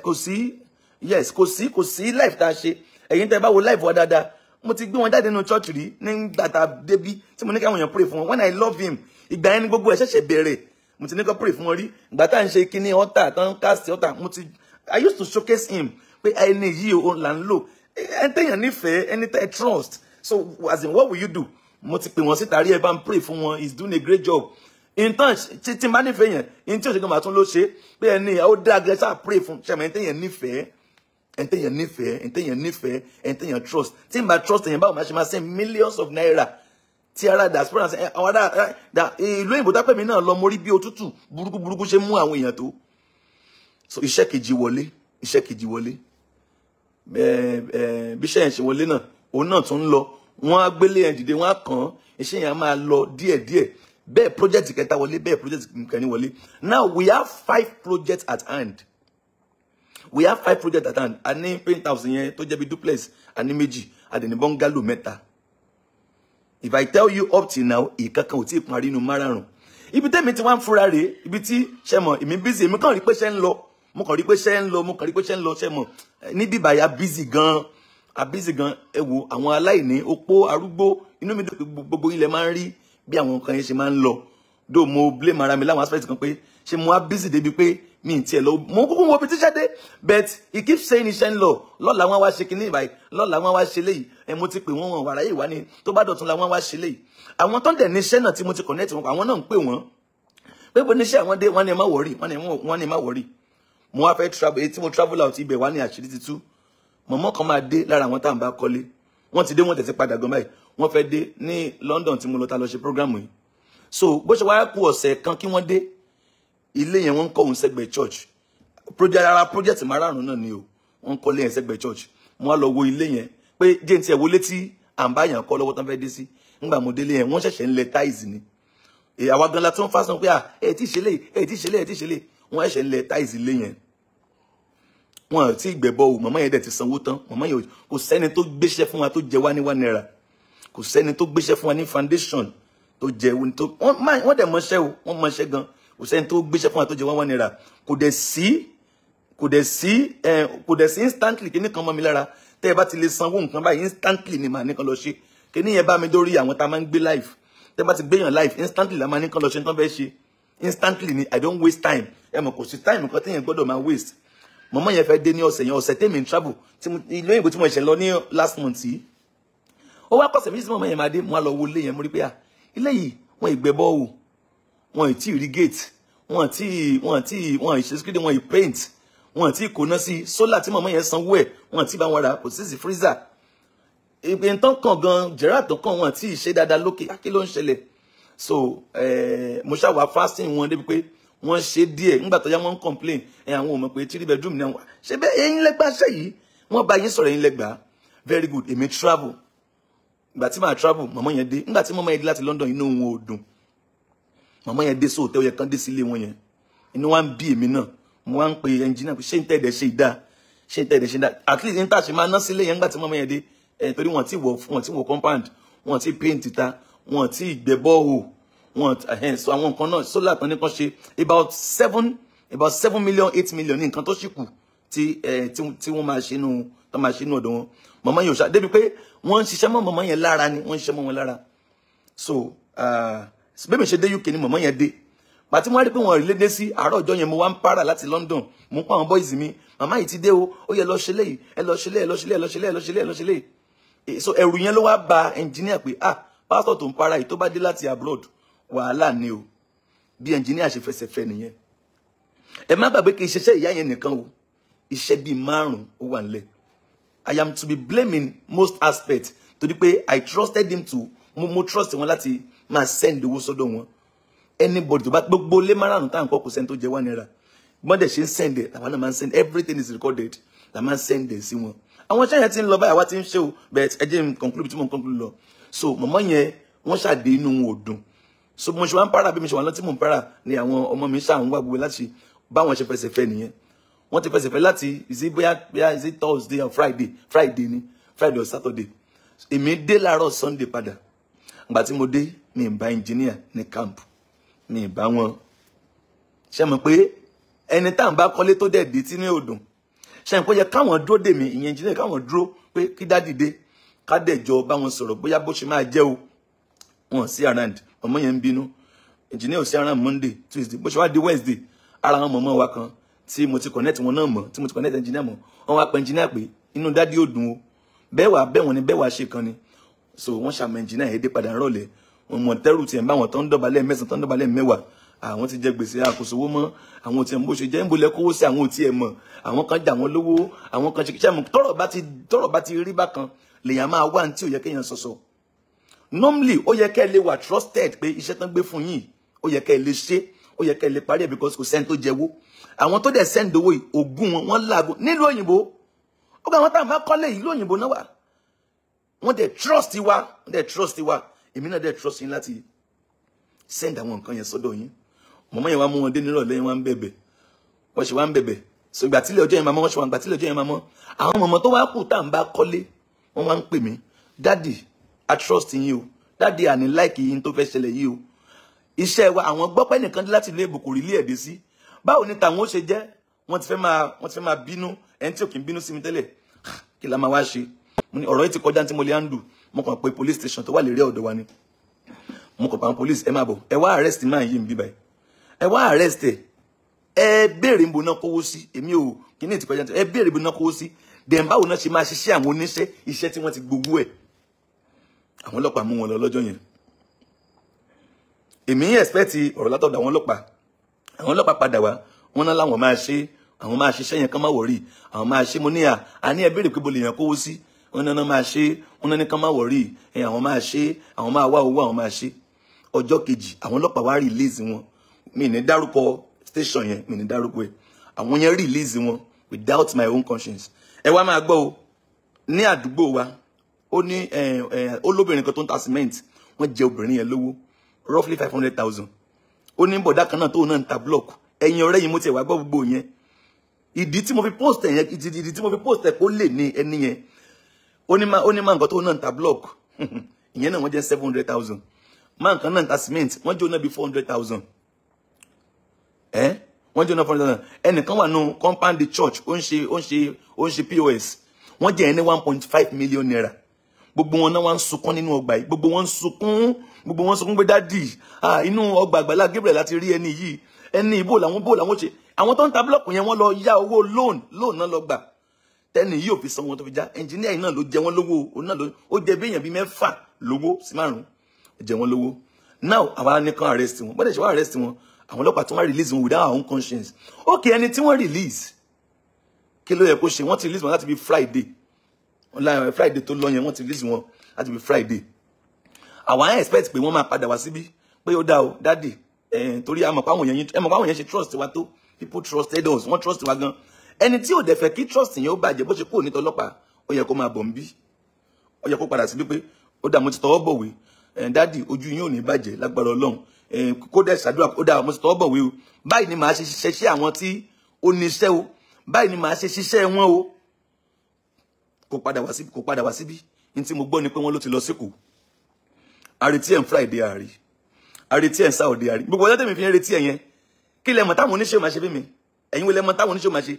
kò sí yes kò sí kò sí life tá a ṣe ẹ̀yin tẹ́ bá wo life wa dáadáa mo ti gbé wọn jáde nínú church rí nígbà tá a tí mo ní káwọn èèyàn pray fún wọn when i love him ìgbà yẹn ni gbogbo ẹ̀ ṣẹ̀ṣẹ̀ bẹ̀rẹ̀ mo ti ní kó pray fún wọn rí ìgbà tá à ń ṣe kíní ọ̀tà tó ń cast ọ̀tà mo ti i used to showcase him pé ẹni yìí o là ń lò ẹni tẹ̀yàn nífẹ̀ẹ́ ẹni tẹ̀ trust so as in what will you do mo ti pè wọ́n síta rí ẹ bá ń pray fún wọn he's doing a great job nǹkan tí tí n bá nífẹ̀ẹ́ yẹn ní tí òṣèlú màá tún ló ṣe pé ẹni ó dáa gẹ́sà pray fún ṣẹ̀mẹ̀ ẹni tẹ̀yàn nífẹ̀ẹ́ ẹni tẹ́yàn nífẹ̀ẹ́ ẹni tẹ́yàn nífẹ̀ẹ́ ẹni tẹ́yàn trust tí n trust, trust èyàn báwo máa ṣe máa send millions of naira tí ara diaspora eh, àwọn ará eh, ìlú òyìnbó dápẹ́ mi náà lọ mórí bí òtútù burúkú burúkú ṣe mú àwọn èèyàn tó so iṣẹ́ kejì wọlé iṣẹ́ kejì wọlé eh, bíṣẹ́ yẹn ṣe wọlé náà na. náà tún ń lọ wọ́n á gbélé yẹn dìde wọ́n á kàn án iṣẹ́ yẹn á máa lọ díẹ̀díẹ̀ bẹ́ẹ̀ project kẹta wọlé bẹ́ẹ̀ project kẹrin wọlé now we have five projects at hand we have five projects at hand a ní print house yẹn tó jẹ́ bí duplex an image méjì the bungalow meta. if i tell you up till now ìkankan can't tí ì parí inú márààrún ibi tẹ́mi ti wá ń fura rèé ibi tí ṣẹ́mọ̀ èmi busy èmi kàn rí pé ṣẹ́ ń lọ mo kàn rí pé ṣẹ́ ń lọ mo kàn rí pé ṣẹ́ ń lọ ṣẹ́mọ̀ níbi ìbàyà busy gan abusy gan ẹ wo àwọn aláìní opó arúgbó inú mi dùn gbogbo ilẹ̀ máa ń rí bí àwọn nǹkan yẹn ṣe máa ń lọ dó mo blame ara mi láwọn aspect kan pé ṣe mo á busy débi mi n tiẹ̀ lọ mo kúkú wo bí tíṣẹ́ dé but he keep saying iṣẹ́ ń lọ lọ́la wọn wá ṣe kinní ìbáyìí lọ́la wọn wá ṣe léyìí ẹ mo ti pè wọ́n wọn wàrà yìí wá ní tó bá dọ̀tún la wọn wá ṣe léyìí àwọn tó ń dẹ̀ ní náà tí mo ti connect wọn pa àwọn náà ń pè wọ́n pé bó níṣẹ́ àwọn dé wọ́n ní ẹ má wọ̀rí wọ́n ní ẹ má wọ̀rí mo wá fẹ́ travel èyí tí mo travel out ibẹ̀ wá ní àṣírí ti tú mọ̀mọ́ kan máa dé lára àwọn tá à ń bá kọ́lé wọ́n ti dé wọ́n tẹ̀sí padà gan báyìí wọ́n fẹ́ dé ní London tí mo lọ ta lọ ṣe program yìí so bó ṣe wáyà kú ọ̀sẹ̀ kan kí wọ́n dé ilé yẹn wọ́n ń kọ́ òun sẹ́gbẹ̀ẹ́ church project ara project márààrún náà ni o wọ́n ń kọ́ ilé yẹn church mo á lọ wo ilé yẹn pé jẹ́ ní tiẹ̀ wọlé tí à ń bá yàn kọ́ lọ́wọ́ tán fẹ́ dé sí ńgbà mo délé yẹn wọ́n ṣẹ̀ṣẹ̀ ń lẹ táìsì ni àwa gan la tó ń fásán pé à ẹ̀ tí ṣe lè ẹ̀ tí ṣe lè ẹ̀ tí ṣe lè wọ́n ṣẹ̀ṣẹ̀ ń lẹ táìsì ilé yẹn wọn ò tí ì gbẹ̀bọ o màmá yẹn dẹ̀ ti sanwó tán màmá yẹn kò sẹ́ni tó gbéṣẹ́ fún wa tó jẹ wá ní one naira kò sẹ́ni tó gbéṣẹ́ fún wa ní foundation tó jẹ wọ́n dẹ̀ mọṣẹ́ o wọ́n mọṣẹ́ gan kò sẹ́ni tó gbéṣẹ́ fún wa tó jẹ one one naira kò dẹ̀ sí kò dẹ̀ sí kò dẹ̀ sí instantly kíní kan mọ́ mi lára tẹ́ ẹ bá ti lè sanwó nǹkan báyìí instantly ni màá ní kan lọ ṣe kíní yẹn bá mi dórí àwọn tá a máa ń gbé live tẹ́ bá ti gbéyàn live instantly la máa ní kan lọ ṣe nǹkan fẹ́ ṣe instantly ni i don't waste time ẹ mọ̀ kò sí time nǹkan téèyàn gbọ́dọ̀ máa waste mọ̀mọ́ yẹn fẹ́ dé ní ọ̀sẹ̀ yẹn ọ̀sẹ̀ tèmi ń travel ìlú òyìnbó tí mo ṣẹ̀ lọ ní last month yìí ó wá kọ̀sẹ̀ méjì tí mọ̀mọ́ yẹn máa dé mo á lọ wo ilé yẹn mo rí pé à ilé yìí wọ́n ìgbẹ́bọ́ o wọn ì tí irrigate wọn tí wọn tí wọn ì ṣe síkéde wọn ì paint wọn tí kò ná sí sólà tí màmá yẹn sanwó ẹ̀ wọn tí bá wọn rà kò sí sí freezer ìpè tán kàn gan gerard tó kàn wọn tí ì ṣe dáadáa lókè kí ló ń ṣẹlẹ̀ so eh, mo ṣàwà fasting wọn débi pé wọ́n ṣe díẹ̀ nígbà tó yá wọ́n ń complain ẹ àwọn ò mọ̀ pé three bedroom ni àwọn ṣe bẹ́ẹ̀ ẹ̀yin lẹ́gbàá ṣẹ́ yìí wọ́n bá yín sọ̀rọ̀ ẹ̀yin lẹ́gbàá very good èmi travel ìgbà tí màá travel màmá yẹn dé nígbà tí màmá yẹn dé láti London inú òun ò dùn màmá yẹn dé sí hòtẹ́ẹ̀lì yẹn kan dé sílé wọn yẹn inú wa ń bí èmi náà mo wá ń pe ẹnjìnà pé ṣé ń tẹ̀dẹ̀ ṣe ìdá ṣé ń tẹ̀dẹ̀ ṣe ìdá at least níta ṣe máa ná sílé yẹn ńgbà tí màmá yẹn dé ẹ̀ eh, torí wọ́n ti wọ̀ wọ́n ti wọ̀ compound wọ́n ti paint ta wọ́n ti gbẹ́ bọ́ọ̀hù wọ́n ẹ̀hẹ́n eh, so àwọn nǹkan náà sólà tán nìkan ṣe about seven about seven million eight million ní nǹkan tó ṣì kù ti eh, tí wọ́n máa ṣe nù tó máa ṣe nù ọ̀dọ̀ wọn màmá yẹn ò ṣá débi pé wọ́n ń ṣiṣẹ́ mọ́ màmá yẹn lára ni wọ́n ń ṣiṣẹ́ mọ́ wọn lára so uh, bẹ́ẹ̀ mi ṣe dé UK ni mọ̀mọ́ yẹn dé pàtí wọ́n rí pé wọ́n rí lédè sí àárọ̀ ọjọ́ yẹn mo wá ń para láti London mo ń pa àwọn boys mi màmá yìí ti dé o ó yẹ lọ ṣe léyìí ẹ lọ ṣe léyìí ẹ lọ ṣe léyìí ẹ lọ ṣe léyìí ẹ lọ ṣe léyìí ẹ lọ ṣe léyìí e, so ẹrù yẹn ló wá ba engineer pé ah pastor tó ń para yìí tó bá dé láti abroad wàhálà ni o bí engineer ṣe fẹsẹ̀ fẹ nìyẹn ẹ má gbàgbé kí iṣẹ́ ìyá yẹn nìkan o iṣẹ́ bíi márùn-ún ó wà nílẹ̀ I am to be blaming in most aspects torí pé I trusted him to mo, mo trust wọn láti máa send owó sọ́dọ̀ wọn anybody tó bá gbogbo lé márùn tá à ń kọ́ kò sẹ́ni tó jẹ wá náírà wọ́n dẹ̀ send it. làwọn náà máa send everything is recorded la máa send it, sí wọn àwọn iṣẹ́ yẹn ti ń lọ báyìí àwa ti ń ṣe o but ẹ jẹ́ conclude tí mo n conclude lọ so mọ̀mọ́ yẹn wọ́n ṣàdé inú wọn ò so mo ṣe wá para bí mo ṣe wà lọ́tí mò ń para ni àwọn ọmọ mi ṣáà ń wá gbogbo láti báwọn ṣe fẹsẹ̀ fẹ́ nìyẹn wọ́n ti fẹsẹ̀ fẹ́ láti is it bóyá bóyá is it Thursday or Friday Friday ni Friday or Saturday èmi dé láàárọ̀ Sunday padà ìgbà tí mo dé mi ba engineer ẹnjìníà ní camp mi ì bá wọn ṣe mọ̀ pé ẹni tá à ń bá kọ́lé tó dẹ̀ dé tí ní òdùn ṣe mọ̀ pé yẹ káwọn dúró dèmí ìyẹn ẹnjìníà káwọn dúró pé kí dádì dé ká dẹ̀ jọ bá wọn sọ̀rọ̀ bóyá bó ṣe o wọn sí around ọmọ yẹn ń bínú ẹnjìníà ò around monday tuesday Bo ṣe wá di wednesday ara wọn mọ̀mọ́ wa kan tí mo ti connect wọn náà mọ̀ tí mo ti connect engineer mọ̀ wọn wá pẹ́ ẹnjìníà pé inú dádì òdùn o bẹ́ẹ̀ wà bẹ́ẹ̀ wọn ni bẹ́ẹ̀ wà ṣe kan ni so wọ́n ṣàmọ̀ engineer yẹn de padà role wọn mọ̀ tẹ́rù tiẹ̀ ń bá wọn tán ń dọ̀bálẹ̀ mẹ́sàn-án tán ń dọ̀bálẹ̀ mẹ́wàá àwọn ti jẹ gbèsè àkóso mọ àwọn tí ẹ bó ṣe jẹ ń bolẹ kówó sí àwọn tí ẹ mọ àwọn kan jà wọn lówó àwọn kan ṣe kíṣẹ mọ tọrọ bá ti tọrọ bá ti rí bákan lèèyàn máa wá tí ò yẹ kéèyàn sọsọ normally ó yẹ kẹ́ ẹ lè wà trusted pé iṣẹ́ tán gbé fún yín ó yẹ kẹ́ ẹ lè ṣe ó yẹ kẹ́ ẹ lè parí ẹ̀ because kò sẹ́ni tó jẹ́wó àwọn tó dẹ̀ send owó yìí ògùn wọn wọ́n láago nílùú òyìnbó ó gba àwọn táwọn bá kọ́lé yìí lóyìnbó náà wà wọ́n dẹ̀ trust wa wọ́n dẹ̀ trust wa èmi náà dẹ̀ trust yín láti send àwọn nǹkan yẹn sọ́dọ̀ yín mọ̀mọ́ yẹn wá mú wọn dé nírọ̀lẹ́ yẹn wá ń bẹ̀bẹ̀ wọ́n ṣe wá ń bẹ̀bẹ̀ so ìgbà tílẹ̀ ọjọ́ yẹn máa mọ́ wọ́n ṣe wá ìgbà tílẹ̀ ọjọ́ yẹn máa mọ́ àwọn mọ̀mọ́ tó wá kù tá à ń bá kọ́lé wọ́n wá ń pè mí dádì i trust yín o dádì àní láìkì yín tó fẹ́ ṣẹlẹ̀ yìí o iṣẹ́ wa àwọn gbọ́pẹ́ nìkan láti ilé ìbùkún rí ilé ẹ̀dẹ́ sí báwo ni tàwọn ó ṣe jẹ́ wọ́n ti fẹ́ máa wọ́n ti fẹ́ máa bínú ẹni tí ò kì í bínú sí mi tẹ́lẹ̀ kí la máa wá ṣe ọ̀rọ̀ yìí ti kọjá tí mo lè handle mo kàn pé police station tó wà lérí ọ̀dọ̀ wa ni mo kàn pa police ẹ máa bọ̀ ẹ wá arrest máa yí mi bíbáyìí ẹ wá arrest ẹ E béèrè ń bo náà kówó sí èmi ò kíní ìtìpẹ́ jẹ́ ẹ béèrè ń bo náà kówó sí dẹ̀ báwo náà ṣe máa ṣiṣẹ́ àwọn oníṣẹ́ iṣẹ́ tí wọ́n ti gbogbo ẹ̀ àwọn ọlọ́pàá mú wọn lọ lọ́jọ́ yẹn èmi ń expect ọ̀rọ̀ látọ̀dọ̀ àwọn ọlọ́pàá àwọn ọlọ́pàá padà wá wọn náà láwọn máa ṣe àwọn máa ṣiṣẹ́ yẹn kán má wọ̀rí àwọn máa ṣe mo níyà a ní ẹ béèrè pé bo lè yàn kówó sí wọn náà máa ṣe wọn náà ní kán má wọrí ẹ àwọn máa ṣe àwọn máa wá owó àwọn máa ṣe ọjọ́ kejì àwọn ọlọ́pàá wá release wọn mi ní dárúkọ station yẹn mi ní dárúkọ ẹ àwọn yẹn release wọn without my own conscience ẹ wá máa gbọ́ o ní àdúgbò wa ó ní olóbìnrin kan tó ń ta cement wọ́n jẹ obìnrin yẹn lówó roughly five hundred thousand ó ní bọ̀dá kan náà tóun náà ń ta block ẹ̀yin ọ̀rẹ́ yìí mo ti wá gbọ́ gbogbo yẹn ìdí tí mo fi post ẹ̀ yẹn ìdí tí mo fi post ẹ̀ kó lè ní ẹni yẹn ó ní má ó ní má nǹkan tó ń ta block <laughs> ìyẹn náà wọ́n jẹ́ seven hundred thousand má nǹkan náà cement wọ́n jẹ́ ọ̀nà bíi four hundred thousand ẹ́ wọ́n jẹ́ ọ̀nà four hundred thousand ẹnìkan wà nù compound church ó ń ṣe ó ń ṣe ó ń ṣe pos wọ́n jẹ́ ẹni one point five million naira gbogbo wọn náà wá ń sunkún nínú ọgbà yìí gbogbo wọn ń sunkún gbogbo wọn ń sunkún pé dádì inú ọgbà Àgbàlá Gabriel láti rí ẹni yìí ẹni ìbò làwọn bò làwọn ṣe àwọn tó ń ta búlọ̀kù yẹn wọ́n lọ yá owó loan loan náà lọ gbà tẹ́ni yìí ò fi san wọn tó fi já ẹnjìníà yìí náà ló jẹ wọ́n lówó òun náà ó jẹ bí èèyàn bíi mẹ́fà lówó sí márùn jẹ wọ́n lówó now àwa ní arrest wọn bọ́dẹ̀ ṣe wá arrest wọn àwọn ọlọ́pàá tí wọ́n release wọn without our own conscience okay ẹni tí wọ́n release kí ló yẹ kó ṣe wọ́n ti release wọn láti bí friday online eh, friday tó lọ yẹn wọ́n ti release wọn láti bí friday àwa ń expect pé wọ́n máa padà wá síbí pé ó dá o dáàdì eh, torí ẹ mọ̀ pé àwọn èèyàn ṣe trust wa tó people trusted us wọ́n trust wa gan-an ẹni tí ò dẹ̀ fẹ́ kí trust yẹn ó bàjẹ́ bó ṣe kúrò ní tọlọ́pàá ó yẹ kó máa bọ̀ ń bí ó yẹ kó padà sí wípé ó dà mo ti tọwọ́ bọ̀wé dádì ojú yín ò ní bàjẹ́ lágbára ọlọ́run kó dẹ̀ ṣàdúrà ó dà mo ti tọwọ́ bọ̀wé o báyìí ni màá ṣe ṣiṣẹ́ sí àwọn tí ó ní iṣẹ́ o báyìí ni màá ṣe ṣiṣẹ́ wọn o kò padà wá síbi kò padà wá síbi ní tí mo gbọ́ ni pé wọ́n ló ti lọ síkù àrètí kí lẹ mọ̀ táwọn oníṣẹ́ máa ṣe bí mi ẹ̀yin wo lẹ mọ̀ táwọn oníṣẹ́ máa ṣe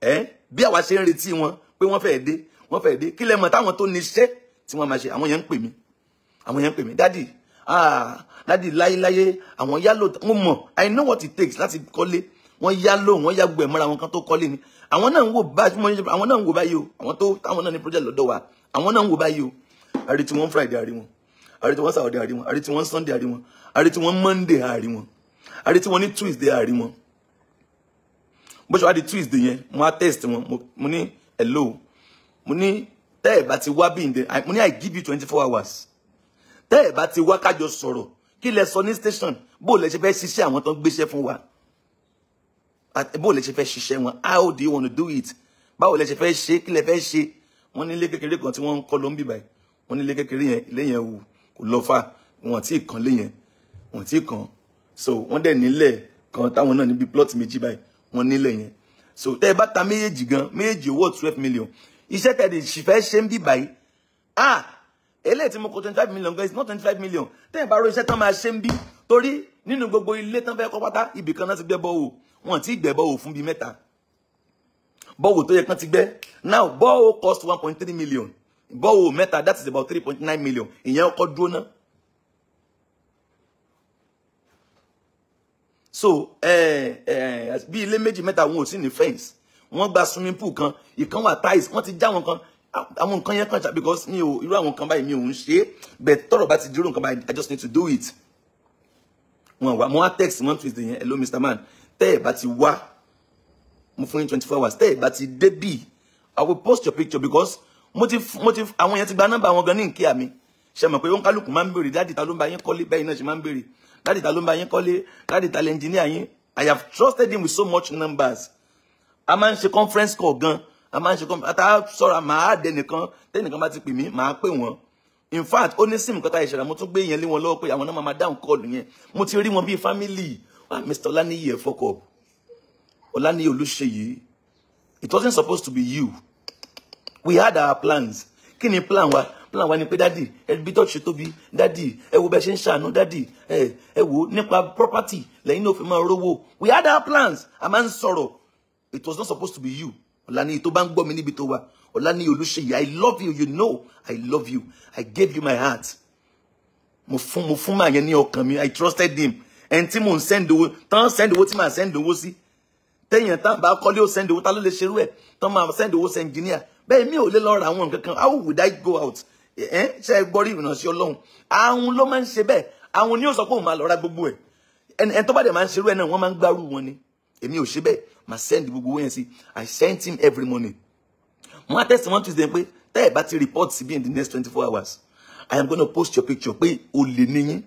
eh bí àwa ṣe ń retí wọn pé wọ́n fẹ́ẹ́ dé wọ́n fẹ́ẹ́ dé kí lẹ mọ̀ táwọn tó níṣẹ́ tí wọ́n máa ṣe àwọn yẹn ń pè mí àwọn yẹn ń pè mí dádì ah dádì láyéláyé àwọn yálò mo mọ̀ i know what it takes láti kọ́lé wọ́n yálò wọ́n yá gbogbo ẹ̀ mọ́ra wọn kan tó kọ́lé ni àwọn náà ń wò báyìí àwọn náà ń wò báyìí o àwọn tó táwọn náà ní project lodo wa àwọn na ń wò báyìí o àrí tí friday àrí wọn àrí tí wọ́n saturday àrí wọn àrí tí wọ́n sunday àrí wọn àrí tí wọ́n monday àrí wọn àrí tí wọ́n ní tuesday àrí wọn bó ṣe wá di twist, yẹn mo wá test wọn mo ní hello mo ní tẹ́ ẹ̀ bá ti wá bí ǹdẹ mo ní i give you twenty four hours tẹ́ ẹ̀ bá ti wá kájọ sọ̀rọ̀ kí lẹ sọ ní station bó lẹ ṣe fẹ́ ṣiṣẹ́ àwọn tó ń gbéṣẹ́ fún wa bó lẹ ṣe fẹ́ ṣiṣẹ́ wọn how do you want to do it báwo lẹ ṣe fẹ́ ṣe kí lẹ fẹ́ ṣe wọn ní ilé kékeré kan tí wọ́n ń kọ́ ló ń bì báyìí wọn ní ilé kékeré yẹn ilé yẹn wù kò lọ fà wọn tí ì kan lé yẹn wọn tí ì kan so wọn dẹ̀ nílẹ̀ kan táwọn náà níbi plot méjì báyìí wọn nílẹ̀ yẹn so tẹ́ ẹ bá ta méjèèjì gan méjèèjì owó twelve million iṣẹ́ tẹ̀lé ìṣìfẹ́ ṣe ń bí báyìí ah eléyìí tí mo kọ twenty five million gan not twenty five million tẹ́ ẹ bá ro iṣẹ́ tán máa ṣe ń bí torí nínú gbogbo ilé tán fẹ́ kọ́ pátá ibì kan náà ti gbẹ́ bọ́wọ́ wọn ti gbẹ́ bọ́wọ́ fún bíi mẹ́ta bọ́wọ́ tó yẹ kán ti gbẹ́ now bọ́wọ́ cost one point three million bọ́wọ́ mẹ́ta that is about three point nine million ìyẹn ọkọ̀ dúró náà so eh, eh, bí ilé méjì mẹ́ta wọn ò sí ní fence wọ́n gba swimming pool kan ìkan wà tiles wọ́n ti já wọn kan àwọn nǹkan yẹn kan because mi ò irú àwọn nǹkan báyìí mi ò ń ṣe but tọ́rọ̀ bá ti dúró nǹkan báyìí I just need to do it wọn wá mo text one tuesday yẹn hello mr man tẹ́ ẹ̀ bá ti wá mo fún yín twenty four hours tẹ́ ẹ̀ bá ti dé I will post your picture because motive motive. mo ti àwọn yẹn ti gba nọ́mbà wọn gan ní nkíyà mi ṣe mọ̀ pé ó ń kálukú máa ń béèrè dáàdì ta ló ń bá yín kọ́lé bẹ́ẹ̀ náà ṣe máa That ta ló ń bá yín that dáàdì ta lè ẹnjìníà I have trusted him with so much numbers a man she ṣe conference call gan a man she máa ń ṣe conference call sọ́ra màá dẹnìkan tẹnìkan come back to me. My pè wọ́n in fact ó ní sim kọta ìṣẹ̀lẹ̀ mo tún gbé yẹn lé wọn lọ́wọ́ pé àwọn náà máa dáhùn kọ́ọ̀lù yẹn mo ti rí wọn bíi family ah Mr. Olaniyi ẹ̀ fọ́kọ̀ Olaniyi Olúṣèyí it wasn't supposed to be you we had our plans kí plan wa plan ni pé dádì ẹbí tó ṣe tóbi dádì ẹ wo bẹ ṣe ń ṣàánú dádì ẹ ẹ wo nípa property lẹ́yìn náà fi máa rówó we had our plans a máa ń sọ̀rọ̀ it was not supposed to be you ọ̀la ni tó bá ń gbọ́ mi níbi tó wà ọ̀la ni olùṣèyí i love you you know i love you i gave you my heart mo fún mo fún màá yẹn ní ọkàn mi i trusted him ẹni tí mò ń send owó tán send owó tí màá send owó sí téèyàn tá bá kọ́lé ó send owó ta ló lè ṣerú ẹ̀ tán máa send owó sí engineer bẹ́ẹ̀ mi ò lè lọ ra àwọn nǹkan kan how would i go out Eh, ẹ ṣe é gbọ́rí ìrìnàṣẹ́ ọlọ́run àwọn ló máa ń ṣe bẹ́ẹ̀ àwọn ni ó sọ pé òun máa lọ ra gbogbo ẹ̀ ẹni tó bá dẹ̀ máa ń ṣerú ẹ̀ náà wọ́n máa ń gbárù wọn ni èmi ò ṣe bẹ́ẹ̀ máa send gbogbo owó yẹn sí i send him every morning wọ́n á tẹ̀sí wọ́n tuesday pé tẹ́ ẹ̀ bá ti report sí bí in the next twenty four hours i am gonna post your picture pé o lè níyín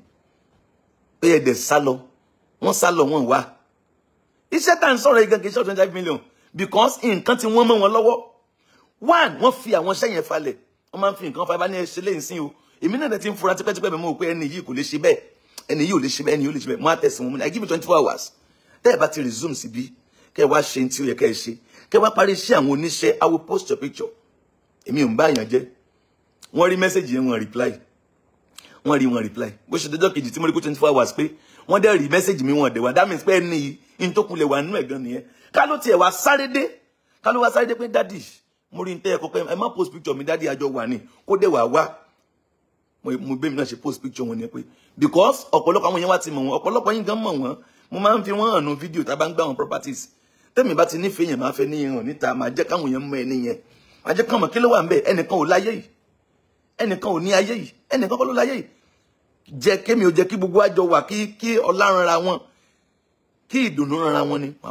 pé ẹ̀ dẹ̀ sá lọ wọ́n sá lọ wọ́n wá iṣẹ́ tá à ń sọ̀rọ̀ igan kì í twenty five million because nǹkan tí wọ́n mọ́ wọn lọ́wọ́ one wọ́n fi àwọn iṣẹ́ yẹn falẹ̀ wọ́n máa ń fi nǹkan fa ìbáni ẹṣẹ lẹ́yìn sí o èmi náà ti ń fura tipẹ́tipẹ́ mi mọ̀ pé ẹni yìí kò lè ṣe bẹ́ẹ̀ ẹni yìí ò lè ṣe bẹ́ẹ̀ ẹni yìí ò lè ṣe bẹ́ẹ̀ mo á tẹ̀sí wọn i give you twenty four hours tẹ́ ẹ̀ bá ti resume sí bí kẹ́ ẹ wá ṣe tí yẹ kẹ́ ẹ ṣe kẹ́ ẹ wá parí iṣẹ́ àwọn oníṣẹ́ i post your picture èmi ò ń bá èèyàn jẹ́ wọ́n rí mẹ́sẹ̀gì yẹn wọ́n reply wọ́n rí wọ́n reply bó ṣe dọ́jọ́ kejì tí mo rí kó twenty four hours pé wọ́n dẹ́ rí mẹ́sẹ̀gì mi wọ́n dẹ̀ wá that means pé ẹni yìí ní tó kulẹ̀ wà nínú ẹ̀gán nìyẹn ká ló tiẹ̀ wá sáré dé ká ló wá sáré dé pé dádì mo rí tẹ́ ẹ kọ́kọ́ ẹ má post picture mi dáàdi àjọ wà ní kó dẹ̀ wà wá mo bẹ́ẹ̀ mi náà ṣe post picture wọn ni pé because ọ̀pọ̀lọpọ̀ àwọn èèyàn wá ti mọ̀ wọn ọ̀pọ̀lọpọ̀ yín gan mọ̀ wọn mo máa ń fi wọ́n hàn fídíò tá a bá ń gbà wọn properties tẹ́mi bá ti nífẹ̀ẹ́ yẹn máa fẹ́ níyẹn hàn níta máa jẹ́ káwọn èèyàn mọ ẹni yẹn máa jẹ́ káwọn kí ló wà ń bẹ̀ ẹnìkan ò láyé yìí ẹnìkan ò ní ayé yìí ẹnìkan kọ́ ló láyé yìí jẹ́ kémi ò jẹ́ kí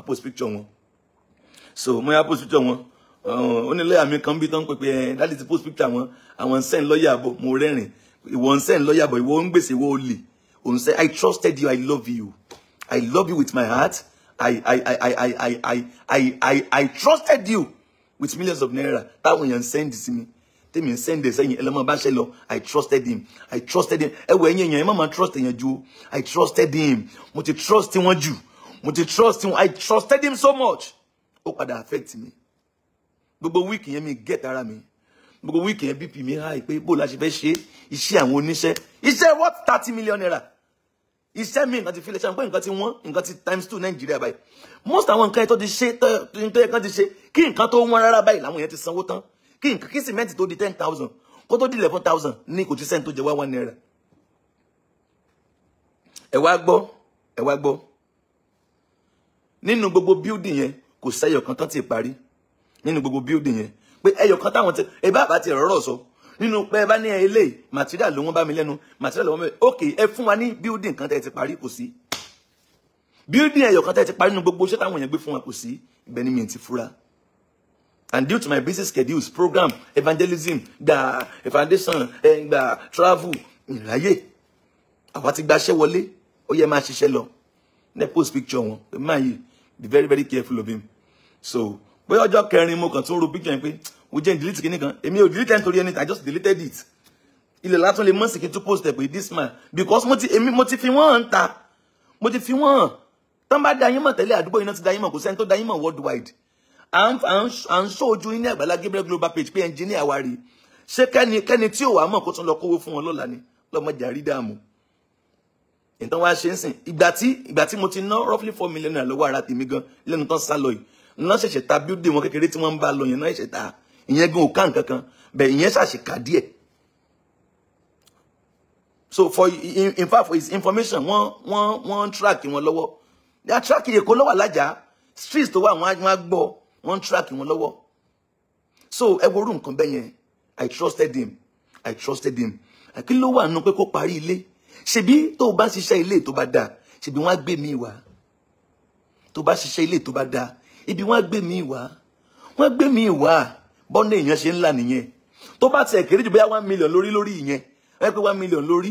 post picture wọn so mo yà post picture wọn ó ní lọ́yà mi kan bí tán pé pé ẹ eh, dáàdì ti post picture I want send lawyer, but more than rẹ́rìn ìwọ ń sẹ́ǹ lọ́yà bọ̀ ìwọ ń gbèsè ìwọ olè òun sẹ́ I trusted you I love you I love you with my heart I I I I I I I I I trusted you with millions of naira That when you send this mi tèmi ń sẹ́ǹdì send this saying, ṣe lọ I trusted him I trusted him ẹ wọ ẹ̀yìn èèyàn ẹ má máa I trusted him mo you trust wọn jù mo ti trust him I trusted him so much Oh, that affect me gbogbo wíìkì yẹn mi get ara mi gbogbo wíìkì yẹn bp mi high pé bó la ṣe fẹ́ ṣe iṣẹ́ àwọn oníṣẹ́ iṣẹ́ what thirty million naira iṣẹ́ mi nǹkan ti fi lè ṣe nǹkan ti wọ́n nǹkan ti times two nàìjíríà báyìí most àwọn nǹkan yẹn tó ti ṣe tó yẹ kán ti ṣe kí nǹkan tó wọ́n rárá báyìí làwọn yẹn ti sanwó tán kí nǹkan kí sìmẹ́ǹtì tó di ten thousand kó tó di eleven thousand ní kò ti sẹ́ni tó jẹ wá one naira. ẹ wá gbọ́ ẹ wá gbọ́ nínú gbogbo building yẹn kò sẹ́yọ̀ kan tán ti parí nínú gbogbo building yẹn pé ẹyọ kan táwọn tẹ ẹ bá àbá ti rọrọ sọ nínú pé ẹ bá ní eléyìí material ló wọn bá mi lẹ́nu material ló wọn bá mi ok ẹ fún wa ní building kan tẹ ẹ ti parí kò sí building ẹyọ kan tẹ ẹ ti parí nínú gbogbo iṣẹ́ táwọn èèyàn gbé fún wa kò sí ibẹ̀ ni mi ti fura and due to my busy schedules program evangelism gba foundation eh, gba travel ìráyè àwa ti gbaṣẹ́ wọlé ó yẹ máa ṣiṣẹ́ lọ nepost picture wọn máa yìí be very very careful of him so bóyá ọjọ́ kẹrin mo kàn tún ro picture yẹn pé mo jẹ́ delete kìíní kan èmi ò delete nítorí ẹni i just deleted it ilẹ̀ látún lè mọ́sì kí n tún post ẹ̀ pé this man because mo ti èmi mo ti fi wọ́n hàn ta mo ti fi wọ́n hàn tán bá dayín mọ̀ tẹ́lẹ̀ àdúgbò iná ti dayín mọ̀ kò sẹ́ni tó dayín mọ̀ worldwide à ń ṣóojú yín ní Àgbàlá Gabriel global page pé engineer wa rí ṣé kẹ́ni kẹ́ni tí ò wá mọ̀ kó tún lọ kówó fún wọn lọ́la ni lọ́mọdé àrídàmú ìtàn wa ṣe ń sìn ìgbà tí ìgbà tí mo ti ná roughly four million naira lọ́wọ́ ara tèmi gan lẹ́nu tán sá lọ yìí náà ṣẹ̀ṣẹ̀ ta bíódì wọn kékeré tí wọ́n ń bá lọ yẹn náà ṣẹ̀ṣẹ̀ ta ìyẹn gan ò ká nǹkan kan bẹ́ẹ̀ ìyẹn ṣàṣìkà díẹ̀ so for in, fact for his information wọ́n wọ́n wọ́n track wọn lọ́wọ́ they are tracking Èkó ló wà streets tó wà wọ́n á gbọ́ wọ́n track wọn lọ́wọ́ so ẹ wo irú nǹkan bẹ́ẹ̀ i trusted him i trusted him kí ló wà nù pé kó parí ilé ṣebí tó o bá ṣiṣẹ́ ilé tó bá dáa ṣebí wọ́n á gbé mi wá tó bá ṣiṣẹ́ ilé tó bá dáa ibi wọ́n gbé mi wá wọ́n gbé mi wá bọ́nà èèyàn ṣe ńlá nìyẹn tó bá tiẹ̀ kéré jù bóyá one million lórí lórí ìyẹn wọ́n pé one million lórí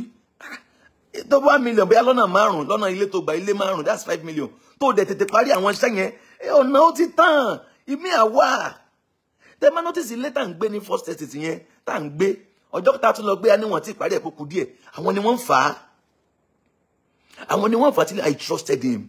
tó bá one million bóyá lọ́nà márùn lọ́nà ilé tó gba ilé márùn that's five million tó dẹ̀ tètè parí àwọn iṣẹ́ yẹn ọ̀nà ó ti tàn ìmí àwa tẹ máa notice ilé tá à ń gbé ní first test yẹn tá à ń gbé ọjọ́ tá a tún lọ gbé aníwọ̀n tí ìparí ẹ̀ kúkú díẹ̀ àwọn ni wọ́n ń fà á àwọn ni wọ́n fà á till I trusted him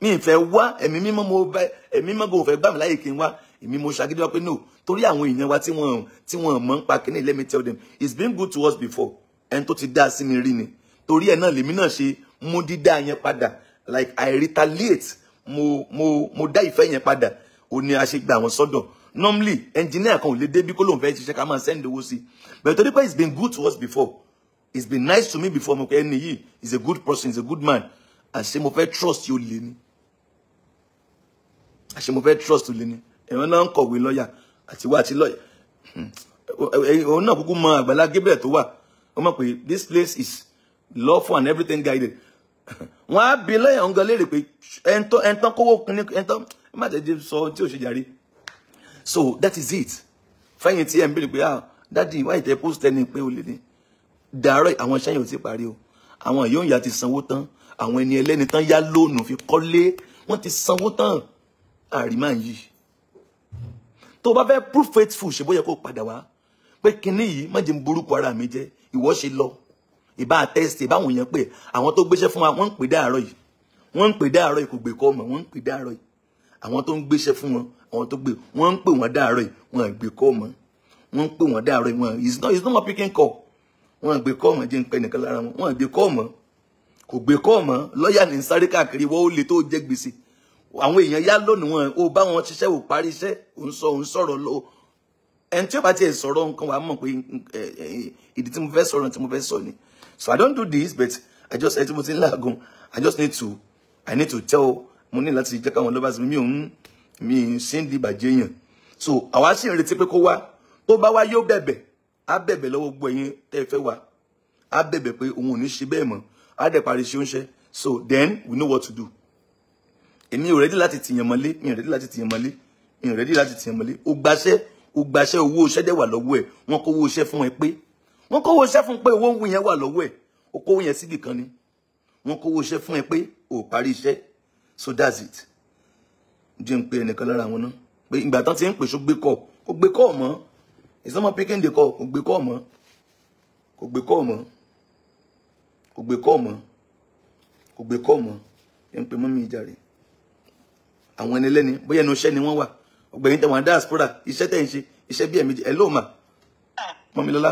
mi ìfẹ́ wá ẹ̀mí mímọ́ mo bẹ ẹ̀mí mímọ́ gò fẹ́ gbà mí láyè kí n wá èmi mo ṣàgídí wá pé no torí àwọn èèyàn wa tí wọ́n tí wọ́n mọ̀ ń pa kíní let me tell them it's been good to us before ẹni tó ti dá sí mi rí ni torí ẹ̀ náà lèmi náà ṣe mú dídá yẹn padà like I retaliate mo mo mo dá ìfẹ́ yẹn padà ó ní a ṣe gba àwọn sọ́dọ̀ normally engineer kan ò lè débi kó lóun fẹ́ ṣiṣẹ́ ká máa send owó sí but torí pé it's been good to us before it's been nice to me before mo pé ẹni yìí is a good person He's a good man àṣé mo fẹ́ trust yóò lé ni àṣé mo fẹ́ trust lé ní ẹ̀wọ̀n náà ń kọ̀wé lọ́ọ̀yà àti wá àti lọ́ọ̀yà òun hmm. náà kúkú mọ Àgbàlá Gabriel tó wà ó mọ̀ pé this place is lawful and everything guided <laughs> wọ́n á bi lọ́ọ̀yà ń gan léèrè pé ẹ̀ńtán kówó kínní ẹ̀ńtán má tẹ̀jú sọ tí ò ṣe jàre so that is it fẹ́yìn tí ẹ̀ ń béèrè pé ah dádì wáyé tẹ post ẹni pé o lè ní dàárọ̀ àwọn iṣẹ́ ò ti parí o àwọn yóò yà ti sanwó tán àwọn ẹni ẹlẹ́ni tán yá lóònù fi kọ́lé wọ́n ti sanwó tán àrímà yìí tó bá fẹ́ proof faithful ṣe bóyá kó padà wá pé kinní yìí má jẹ́ burúkú ara mi jẹ́ ìwọ ṣe lọ ìbá test ìbáwọn èèyàn pé àwọn tó gbéṣẹ́ fún wa wọ́n ń pè dáàárọ̀ yìí wọ́n ń pè dáàárọ̀ yìí kò gbé kọ́ ọmọ wọ́n ń pè dáàárọ̀ yìí àwọn tó ń gbéṣẹ́ fún wọn àwọn tó gbé wọ́n ń pè wọ́n dáàárọ̀ yìí wọ́n ń gbé kọ́ ọmọ wọ́n ń pè wọ́n dáàárọ̀ yìí wọ́n it's not is not my picking call wọ́n ń gbé kọ́ ọmọ jẹ́ ń pẹ́ nìkan lára wọn wọ́n ń gbé kọ́ ọmọ kò gbé kọ́ ọmọ lọ́ọ̀yà ní sáré káàkiri wọ́n ó le tó jẹ́ gbèsè àwọn èèyàn yá lónìí wọn ò bá wọn ṣiṣẹ́ ò parí iṣẹ́ ò ń sọ ò ń sọ̀rọ̀ lọ ẹni tí ó bá tiẹ̀ sọ̀rọ̀ nǹkan wàá mọ̀ pé ìdí tí mo fẹ́ sọ̀rọ̀ tí mo fẹ́ sọ ni so I don't do this but I just ẹ tí mo ti ń làágùn I just need to I need to tell mo ní láti jẹ́ káwọn lọ́ba sí mi ò ń mi ṣe ń di ìbàjẹ́ yẹn so àwa sì ń retí pé kó wá tó bá wá yóò bẹ̀bẹ̀ á bẹ̀bẹ̀ lọ́wọ́ gbogbo ẹ̀yin tẹ́ ẹ fẹ́ wá á bẹ̀bẹ̀ pé òun ò ní ṣe bẹ́ẹ̀ mọ́ á dẹ̀ parí ṣe oúnṣẹ́ so then we know what to do èmi ò rẹ́dí láti tìyàn mọ́lé mi ò rẹ́dí láti tìyàn mọ́lé mi ò rẹ́dí láti tìyàn mọ́lé ó gbaṣẹ́ ó gbaṣẹ́ owó iṣẹ́ dẹ̀ wà lọ́wọ́ ẹ̀ wọ́n kó owó iṣẹ́ fún ẹ pé wọ́n kó owó iṣẹ́ fún pé owó yẹn wà lọ́wọ́ ẹ̀ ó kó yẹn síbì kan ni wọ́n kó owó iṣẹ́ fún ẹ pé ò parí iṣẹ́ so that's it jẹ́ ń pe ẹnìkan lára wọn náà pé ìgbà tán ti ń pèsè gbé kọ́ ó gbé kọ́ mọ́ ìsọmọ picking the call kò gbé kọ́ mọ́ kò gbé kọ́ mọ́ kò gbé kọ́ mọ́ kò gbé kọ́ mọ́ ẹ̀ ń pe mọ́mí ìjà rèé àwọn ẹni lẹ́ni bóyá ẹnu iṣẹ́ ni wọ́n wà ọgbẹ̀yìn tẹ̀wọ̀n diaspora iṣẹ́ tẹ̀ ń ṣe iṣẹ́ bí ẹ̀mí ẹ̀ lóò mà mọ́milọ́lá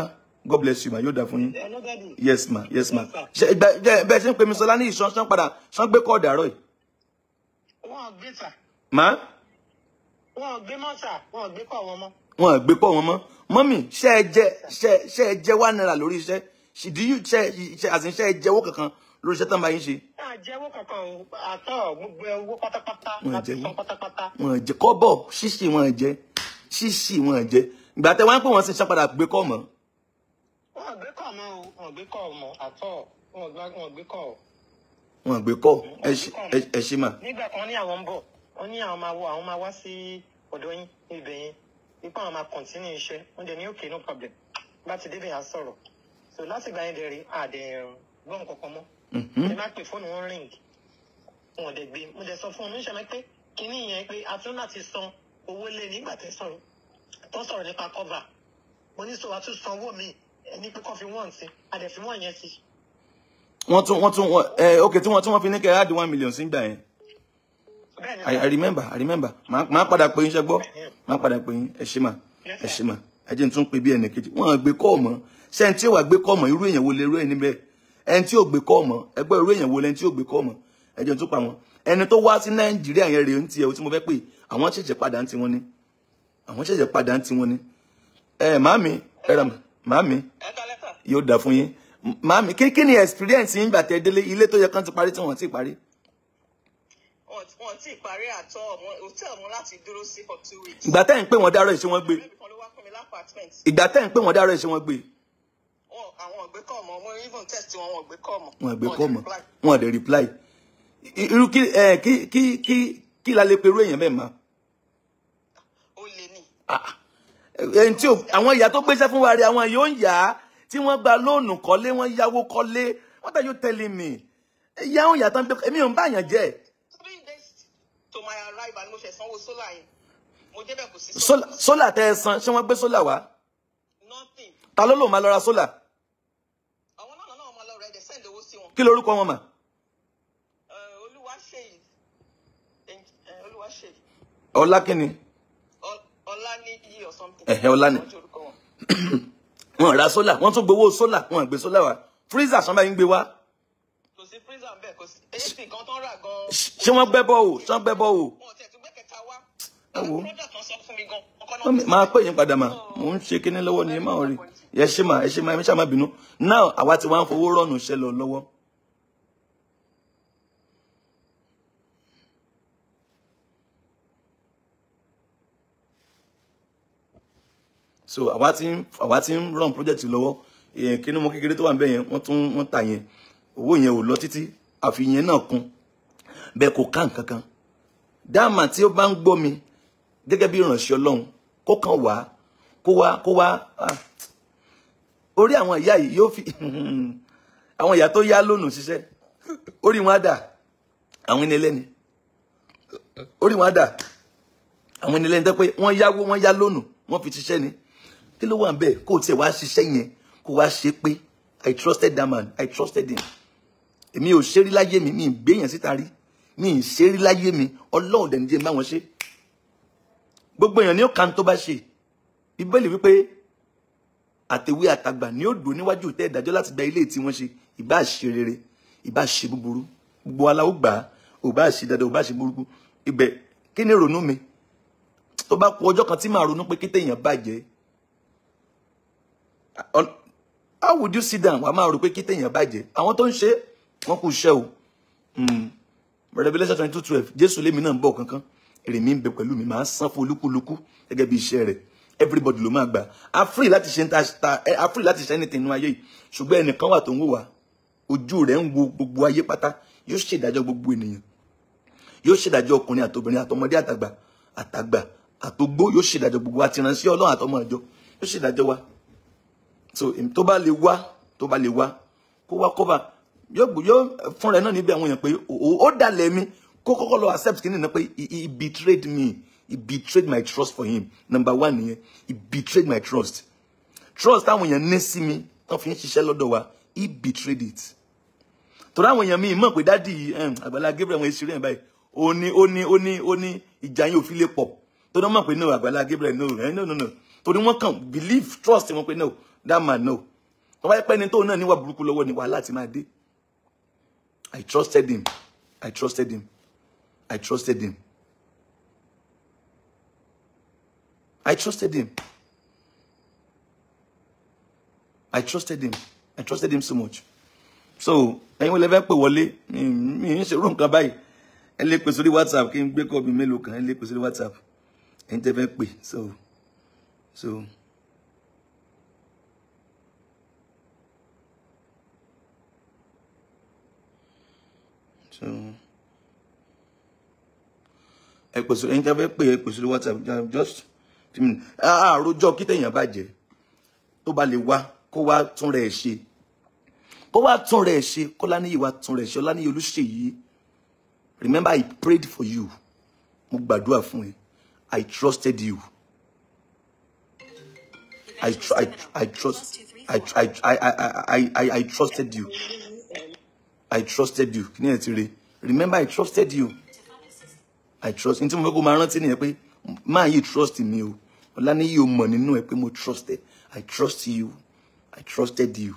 god bless you ma yóò dà fún yín yes ma yes ma bẹ́ẹ̀ ṣe ń pè mí sọlá ní ìṣánṣán padà ṣán gbé kọ́ọ̀dù àárọ̀ yìí. wọn ò gbé sà. Ma? wọn ò gbé mọ́ sà wọn ò gbé kọ́ wọn mọ́. wọn ò gbé kọ́ wọn mọ́ mọ́mì ṣe ẹ jẹ ṣe ẹ jẹ wá náírà lórí iṣẹ́ ṣìdí ṣe ṣe àṣìṣe ẹ jẹ owó kankan lórí iṣẹ́ tán bá yín ṣe. àjẹwọ́ kankan o àtọ gbogbo owó pátápátá láti san pátápátá. wọn jẹ kọ́bọ̀ ṣíṣì wọn jẹ ṣíṣì wọn jẹ ìgbà tẹ wọn pé wọn sì ṣe padà gbé kọ mọ. wọn gbé kọ mọ o wọn gbé kọ mọ àtọ wọn gbé kọ o. wọn gbé kọ ẹ ṣe mà. nígbà kan ní àwọn ń bọ̀ wọ́n ní àwọn máa wọ àwọn máa wá sí ọ̀dọ̀ yín ibẹ̀ yẹn nípa àwọn máa kọ̀ntínú iṣẹ́ wọ́n dẹ̀ ní òkè no problem bá ti débẹ̀ yà sọ̀rọ̀ so láti gbà yẹn dẹ̀ rí àdẹ̀ gbọ́n kankan mọ́. Mhm. ẹ bá pè fóònù wọn ring wọn dẹ̀ gbé mo dẹ̀ sọ fún un níṣẹ́ pé kínní yẹn pé a tún láti san owó lé e nígbà tẹ́ sọ̀rọ̀ tó sọ̀rọ̀ nípa cover mo ní sọ wa tún san owó mi ní pé kọ́ fi wọ́n sí a fi wọ́n yẹn sí. wọ́n tún wọ́n tún ẹ ok tí wọ́n tí wọ́n fi ní kẹ́ ẹ́ á di one million sí gbà yẹn. I, I remember, I remember. Màá padà pè yín ṣe gbọ́. Màá padà pè yín ẹ ṣé mà. Ẹ ṣé mà. Ẹ jẹ́ n tún pè bí ẹnìkejì. Wọ́n gbé kọ́ mọ́. Ṣé ẹni tí ó wà gbé kọ́ mọ́ irú èèyàn wo lè rú ẹ̀ níbẹ̀? ẹni tí ò gbé kọ́ mọ́ ẹgbẹ́ irú èèyàn wo lẹni tí ò gbé kọ́ mọ́ ẹjọ́ tó pa wọn ẹni tó wá sí nàìjíríà yẹn rèé ń tiẹ̀ o tí mo fẹ́ pè àwọn ṣẹ̀ṣẹ̀ padà ń ti wọn ni àwọn ṣẹ̀ṣẹ̀ padà ń ti wọn ni ẹ màmí ẹ rà màmí yóò dà fún yín màmí kí kí ni experience yín gbà tẹ délé ilé tó yẹ kán ti parí tí wọn ti parí wọn ti parí àtọ hotel wọn láti dúró sí for two weeks. ìgbà tẹ́ ń pè wọ́n dárò ìṣe wọ́n gbé. ìgbà tẹ́ ń pè wọ́n dárò ìṣe wọ́n gbé àwọn ọ̀gbẹ́ kọ̀ mọ́ wọ́n even test wọn wọn ọ̀gbẹ́ kọ̀ mọ́. wọn ọ̀gbẹ́ kọ̀ mọ́ wọn ọ̀dẹ̀ reply irú kí kí kí kí kí la lè perú èèyàn bẹ́ẹ̀ mọ́. ó lè ní. ẹni tí àwọn ìyá tó gbéṣẹ́ fún wa rẹ̀ àwọn yóò ń yá tí wọ́n gba lóònù kọ́lé wọ́n yáwó kọ́lé what are you telling me ìyá òun yàtọ̀ èmi ò ń báyàn jẹ́. three days to my arrival ni mo fẹ́ sanwó sólà yẹn mo débẹ̀ kò sí sólà. sólà tẹ ẹ san ṣé wọ́n gbé sólà wá. nothing. ta ló lò máa lọ ra sólà kí lorúkọ wọn mà. ọlá kí ni. ọlá ní yí or something. ẹ̀hẹ́ ọlá ni wọ́n ra sólà wọ́n tún gbowó sólà wọ́n gbé sólà wa freezer sanba yín gbé wa. kò sí freezer bẹ́ẹ̀ kò sí anything kan tó ń rà gan-an. ṣé wọ́n gbẹ́ bọ́ o ṣé wọ́n gbẹ́ bọ́ o. máa pè yín padà mà mò ń ṣe kíní lọ́wọ́ ni ẹ máa rí ẹ ṣe mà ẹ ṣe mà ẹ ṣe bínú náà àwa ti wá ń fowó rọ̀nù ṣẹlẹ̀ lọ́wọ́. so àwa tí àwa tí ń run project lọ́wọ́ èèyàn kí ni mo kékeré tó wà níbẹ̀ yẹn wọ́n tún wọ́n tà yẹn owó yẹn ò lọ títí àfi yẹn náà kún bẹ́ẹ̀ kò ká nǹkan kan dáàmà tí ó bá ń gbọ́ mi gẹ́gẹ́ bí ìrànṣẹ́ ọlọ́run kó kàn wá kó wá kó wá ah. orí àwọn ìyá yìí yóò fi <laughs> àwọn ìyá tó yá lónìí ṣiṣẹ́ orí wọn á dà àwọn ẹni ẹlẹ́ni orí wọn á dà àwọn ẹni ẹlẹ́ni tẹ́ pé wọ́n yáwó wọ́n yá lónìí wọ́n fi ṣiṣẹ́ ni kí ló wà ń bẹ̀ kó o tiẹ̀ wá ṣiṣẹ́ yẹn kó o wá ṣe pé i trusted that man i trusted him èmi ò ṣe rí láyé mi mi ì gbéyàn síta rí mi ì ṣe rí láyé mi ọlọ́run dẹ̀ ní jẹ́ báwọn ṣe gbogbo èèyàn ní ó kan tó bá ṣe bíbélì wípé àtẹ̀wé àtàgbà ni ó dùn níwájú tẹ́ ìdájọ́ láti gba ilé tí wọ́n ṣe ìbá ṣe rere ìbá ṣe búburú gbogbo aláwọ̀ gbà á ò bá ṣe dáadáa ò bá ṣe burúkú ibẹ̀ kí ni ronú mi tó bá ku ọjọ́ kan tí màá ronú pé kí téèyàn bàjẹ́ how would you sit down wàá máa rò pé kí téèyàn bàjẹ́ àwọn tó ń ṣe wọn kò ṣe o hmm. revelation twenty two twelve jésù lémi náà ń bọ̀ kankan èrè mi ń bẹ pẹ̀lú mi máa san fún olúkúlùkù gẹ́gẹ́ bí iṣẹ́ rẹ̀ everybody ló máa gbà a free láti ṣe ta a free láti ṣe anything nínú ayé yìí ṣùgbọ́n ẹnìkan wà tó ń wò wá ojú rẹ̀ ń wo gbogbo ayé pátá yóò ṣèdájọ́ gbogbo ènìyàn yóò ṣèdájọ́ ọkùnrin àtobìnrin àtọmọdé àtàgbà àtàgbà àtogbó yóò ṣèdájọ́ gbogbo àtìránṣẹ́ ọlọ́run àtọmọ ìjọ yóò ṣèdájọ́ wa so tó bá lè wá tó bá lè wá kó wá cover yóò fún rẹ náà be àwọn èèyàn pé ó dalẹ̀ mi kó kọ́kọ́ lọ accept kí nìyẹn pé he betrayed me he betrayed my trust for him number one he betrayed my trust trust táwọn èèyàn ní sí mi wọ́n fi ń ṣiṣẹ́ wa he betrayed it torí àwọn èèyàn mi mọ̀ pé dádì ehm, Àgbàlá Gabriel wọn ìṣeré yẹn báyìí Oni oni oni ní ó ní ó ní ìjà yín ò fi lè pọ̀ torí wọ́n mọ̀ pé no Àgbàlá Gabriel no eh, no no torí wọ́n kàn believe trust wọn pé no that man no. know tó bá yẹ pé ẹni tó náà níwà burúkú lọ́wọ́ ni wàhálà ti máa dé i trusted him i trusted him i trusted him i trusted him i trusted him i trusted him so much so ẹ̀yin wo lè fẹ́ pè wọlé mi mi ń ṣerú nǹkan báyìí ẹ lè pè sórí whatsapp kí n gbé kọ́ọ̀bù mélòó kan ẹ lè pè sórí whatsapp ẹ̀yin tẹ́ fẹ́ pè so so. so ẹ pèsè ẹni tí a fẹ́ pè é pèsè lórí whatsapp just fi mi àròjọ kí tẹ̀yàn bàjẹ́ tó bá lè wá kó wá tún rẹ̀ ṣe kó wá tún rẹ̀ ṣe kó láníyì wá tún rẹ̀ ṣe ọláníyì olùṣèyí remember i prayed for you mo gbàdúrà fún ẹ i trusted you i tr i tr i trust i tr i i i i i i trusted you. I trusted you kí ni ti re remember I trusted you I trust ní tí mo fẹ́ kó máa rántí nìyẹn pé máa yìí trust mi o Ọláníyì o mọ̀ nínú ẹ pé mo trusted. I trust you I trusted you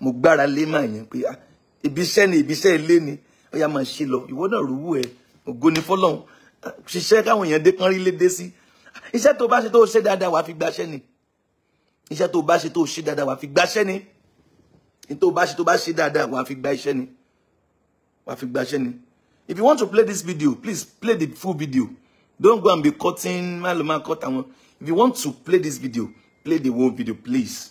mo gbára lé máa yẹn pé ah, ibi iṣẹ́ ni ibi iṣẹ́ ilé ni ó yá máa ṣe lọ ìwọ náà rúwú ẹ ògo ni fọlọ́hún ah, ṣiṣẹ́ káwọn èèyàn dé kan rí lédè sí ah, iṣẹ́ tó bá ṣe tó ṣe dáadáa wàá fi gbaṣẹ́ ni iṣẹ́ tó bá ṣe tó ṣe dáadáa wàá fi gbaṣẹ́ ni tó bá ṣe tó bá ṣe dáadáa wàá fi gba iṣẹ́ ni wàá fi gba iṣẹ́ ni if you want to play this video please play the full video don't go and be cutting maluma cut àwọn if you want to play this video play the whole video please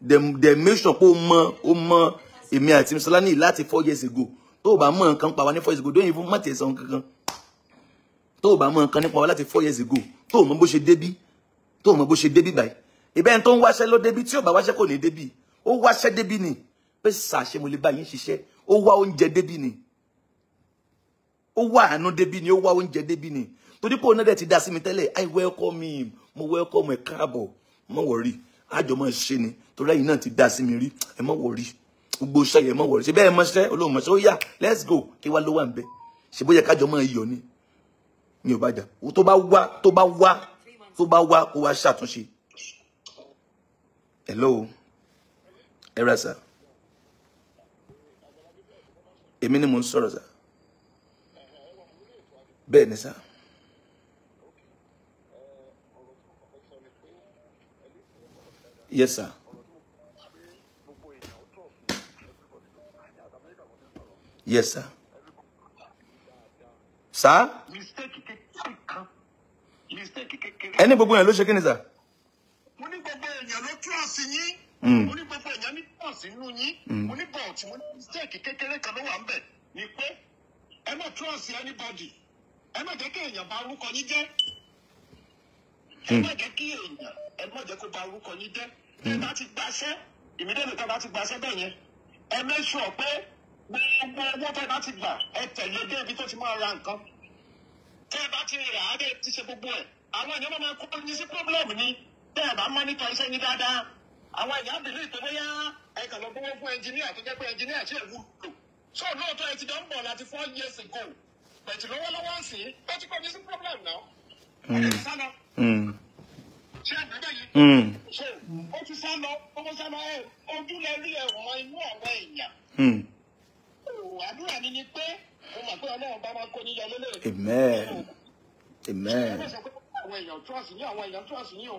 dem dem make sure pé o mọ o mọ èmi àti Mr. láti four years ago tó o bá mọ pa wá ní four years ago don't even mọ̀tẹ̀ sọ nǹkan kan tó o bá mọ nǹkan wa láti four years ago tó o mọ bó ṣe débí tó o mọ bó ṣe débí báyìí ìbẹ́ni tó ń wáṣẹ́ ló débí tí ò bá wáṣẹ́ kò ní débí ó wáṣẹ́ ni pé sàṣẹ mo lè bá yín ṣiṣẹ́ ó wá oúnjẹ débí ni ó wá àánú débí ni ó wá oúnjẹ débí ni torí pé onídẹ̀ ti dá sí mi tẹ́lẹ̀ i welcome him mo welcome ẹ káàbọ̀ má wọ̀rí àjọ máa ṣe ni torí ẹ̀yin náà ti dá sí mi rí ẹ má wọ̀rí gbogbo iṣẹ́ yẹn má wọ̀rí ṣe bẹ́ẹ̀ mọ́ṣẹ́ olóhùn mọ́ṣẹ́ ó yá let's go kí wá ló wà ń bẹ ṣe bóyá kájọ máa yọ ni mi ò bá jà tó bá wá tó bá wá tó bá wá kó wá ṣàtúnṣe hello ẹ rẹ sir èmi ni mo ń sọ̀rọ̀ sá bẹ́ẹ̀ ni sá. yes sir. yes sir. sá. ẹni gbogbo yẹn ló ṣe kí ni sá. mo ní gbogbo èèyàn ló tú àsìyín. Mm. mo ní gbogbo èèyàn ní pọ́ọ̀sì nínú yín mm. mo ní mo ní mistake kékeré kan ló wà ń bẹ̀ ni pé ẹ má trust anybody ẹ má jẹ́ kí èèyàn bà orúkọ yín jẹ́ ẹ mm. má jẹ́ kí èèyàn ẹ má jẹ́ kó bà orúkọ yín jẹ́ ẹ bá ti gbaṣẹ́ ìmídẹ́nu tó bá ti gbaṣẹ́ bẹ́ẹ̀ yẹn ẹ mẹ́sùọ̀ pé gbogbo owó tẹ́ bá ti gbà ẹ tẹ̀lé dé ibi tó ti máa ra nǹkan tẹ́ bá ti rà á dé ti ṣe gbogbo ẹ̀ àwọn èèyàn máa kó ní sí problem ni tẹ́ bá mọ́nítọ̀ iṣẹ́ yín dáadáa àwọn ìyá bìlú ìtọ́bọ́yá ẹ̀ka lọ gbọ́wọ́ fún ẹnjìníà tó jẹ́ pé ẹnjìníà ṣe é wúlò so lóòótọ́ ẹ ti dán bọ̀ láti four years ago pẹ̀tù lọ́wọ́lọ́wọ́ sí i ó ti kọ́ mi sí problem náà hmm. ó ti sá lọ hmm. ṣé àgbẹ̀dẹ̀ yìí hmm. so ó ti sá lọ ó ti sá lọ ẹ ojú lẹ rí ẹ̀wọ̀n inú àwọn èèyàn àdúrà mi ni pé mo mọ̀ pé ọlọ́run bá máa kó ní yọ lélẹ̀. amen amen. ṣé ẹ bá sọ pé àwọn èèyàn trust ní àwọn èèyàn trust ní o.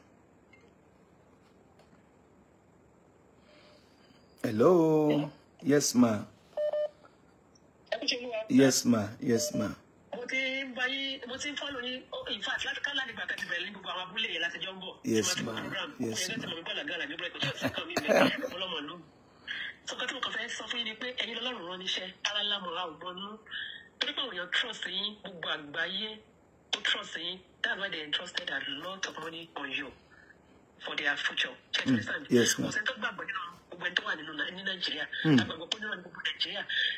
hello yes ma yes ma yes ma. Oh, yes ma yes ma. trust yín gbogbo a lot of money on you for their future. Mm. yes ma. Hmm.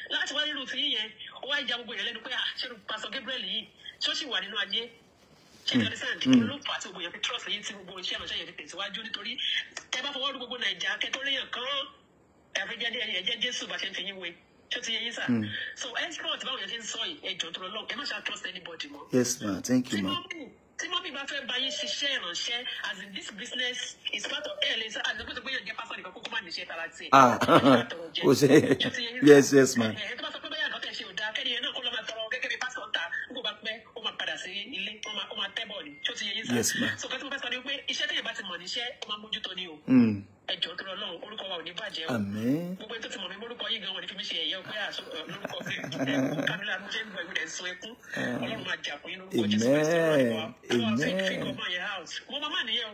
láti wá nínú tìyí yẹn ó wá ìjà gbogbo ìrẹ́lẹ́nu pé ah, ṣé pásọ Gabriel yìí ṣó sì wà nínú ajé ṣe ní ọdísàn tí ló fà á gbogbo yẹn fi trust yìí tí gbogbo iṣẹ́ àmọ́ṣẹ́ yẹn fi tẹ̀síwájú nítorí tẹ bá fọwọ́ rú gbogbo nàìjà kẹtọ́lẹ́yìn kan ẹ̀fẹ́jẹ́ jésù bá ṣe ń fi yín wé ṣó ti yẹ yín sà. Hmm. so export báwo yẹn ṣe ń sọ ẹ̀jọ̀ tó lọ lọ́wọ́ ẹ má ṣe trust anybody mọ́. yes ma thank you ma tí mọ́mí bá fẹ́ bá ṣiṣẹ́ ìrànṣẹ́ as in this business is part of ẹ̀ lè sá àti pé yóò jẹ́ pásọ̀ nìkan kókó má níṣẹ́ tara tiẹ̀. ah kò ṣe yes yes ma. ẹ̀ ẹ̀ tó bá sọ pé bẹ́ẹ̀ àná ṣe ò dáa kẹ́ni ẹ̀ náà kó lọ́ máa tọrọ padà sí ilé ó máa ni tí ó ti yẹ yín sá so kẹ́tí mo fẹ́ sọ ni pé iṣẹ́ tẹ̀yìn bá ti mọ̀ níṣẹ́ ó máa mójútó ni o ẹjọ tó lọ orúkọ wa ò ní bàjẹ́ o gbogbo tó ti mọ̀ mí orúkọ yìí gan-an wọn ni fi mi ṣe ẹ̀yẹ ọgbẹ́ àṣọ sí kamila mo ṣe ń gbọ́ ìwé rẹ̀ sun ẹkún ah. ọlọ́run máa jà fún yín lórúkọ ọlọ́run wa fi fi yẹn house mo máa má nìyẹn o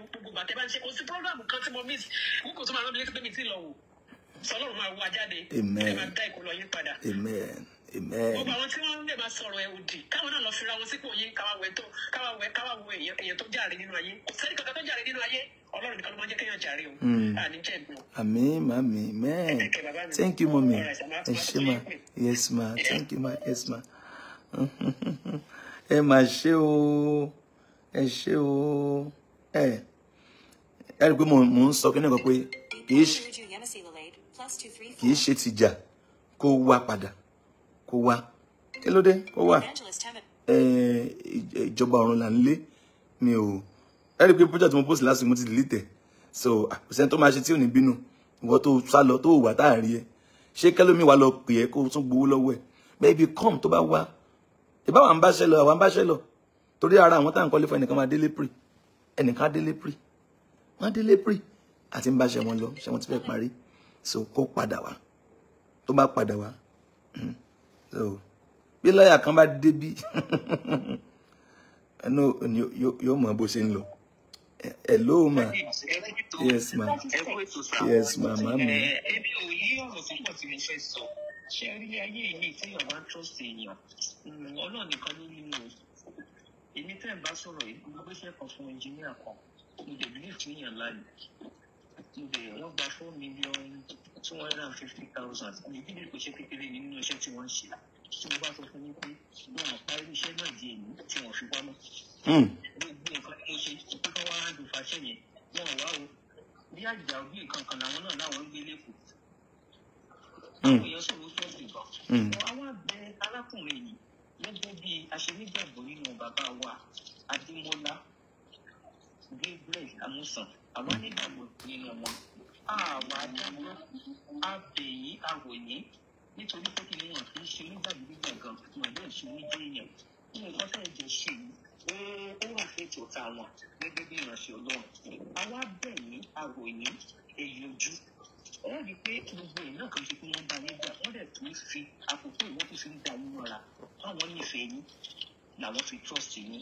gbogbo gbogbo àwọn tí wọ́n lè máa sọ̀rọ̀ ẹ̀ òdì káwọn náà lọ fira wọn sípò yín káwa tó káwa wẹ̀ èèyàn tó jàre nínú ayé kò sẹ́ni kankan tó jàre nínú ayé ọlọ́run nìkan ló máa ń jẹ́ kéèyàn jàre o àní hmm. jẹ́ ìgbọ́n. àmì màmí thank you mami. ẹ ṣé ma yes ma thank you ma yes ma <laughs> ẹ mà ṣé o ẹ ṣé o ẹ ẹ rí i pé mò ń sọ kí ni kan pé kì í ṣe ti kó wá padà kó wá kí ló dé kó wá ìjọba ọ̀run là ń lé mi ò ẹ rí i pé project mo post last week mo ti delete ẹ̀ so kò sẹ́ni tó máa ṣe tí ò ní bínú ìwọ tó sá lọ tó wà táàrí ẹ ṣé kẹ́lómi wà lọ pè ẹ́ kó tún gbowó lọ́wọ́ ẹ̀ baby come tó bá wá ìbá wa ń báṣẹ́ lọ àwa ń báṣẹ́ lọ torí ara àwọn tá à ń kọ́lé fún ẹnìkan máa délé pre ẹnìkan á délé pre wọ́n á délé pre àti ń báṣẹ́ wọn lọ ṣé wọ́n ti fẹ́ parí so kó padà wá tó bá padà wá. Hmm so bí lọ́ọ̀yà kan I know you. You, you, bó ṣe ń lọ hello ma yes ma yes ma ma mi. ẹbí ò yí ọ̀rọ̀ púpọ̀ tí mo fẹ́ sọ ṣé rí ayé mi téèyàn bá trust èèyàn ọlọ́run nìkan ló ní o èmi tẹ́ ẹ̀ bá sọ̀rọ̀ yìí mo gbéṣẹ́ ibẹ̀ wọ́n gba four million two hundred and fifty thousand ní kí ni kò ṣe kékeré nínú iṣẹ́ tí wọ́n ń ṣe tí mo bá sọ fún yín pé wọn ò parí iṣẹ́ náà di èyí tí wọ́n fi hmm. wá mọ́. gbogbo nǹkan tó ṣe pé kí wọ́n á dùn fàṣẹ yẹn wọn ò wá o bí àjà òbí kankan làwọn náà láwọn ń gbé lẹ́kọ̀ọ́. Hmm. àwọn èèyàn sọ̀rọ̀ sọ́ọ̀sì bọ̀. àwọn abẹ arákùnrin yìí gẹ́gẹ́ bí aṣèwégbàgbọ́ nínú bàbá wa Adémọ́lá Gabriel Amusan àwọn onígbàgbọ́ nínú wọn àwa dáná abèyí àwòyí nítorí pé kí ni wọn fi ṣe onígbàgbọ́ gbígbà gan wọn lè ṣe onígbàgbọ́ èèyàn kí nǹkan fẹ́ẹ́ jẹ ṣe yìí ó rò fún ètò wọn gẹ́gẹ́ bí ìrànṣẹ́ ọlọ́run àwa bẹ̀yí àwòyí èyí ojú ẹ rí i pé gbogbo ìlú kan ṣe pé wọ́n bá yín gbà wọ́n dẹ̀ tún fi àkókò ìwọ́n tún fi ń da yín mọ́ra báwọn nífẹ̀ẹ́ yín làwọn fi trust yín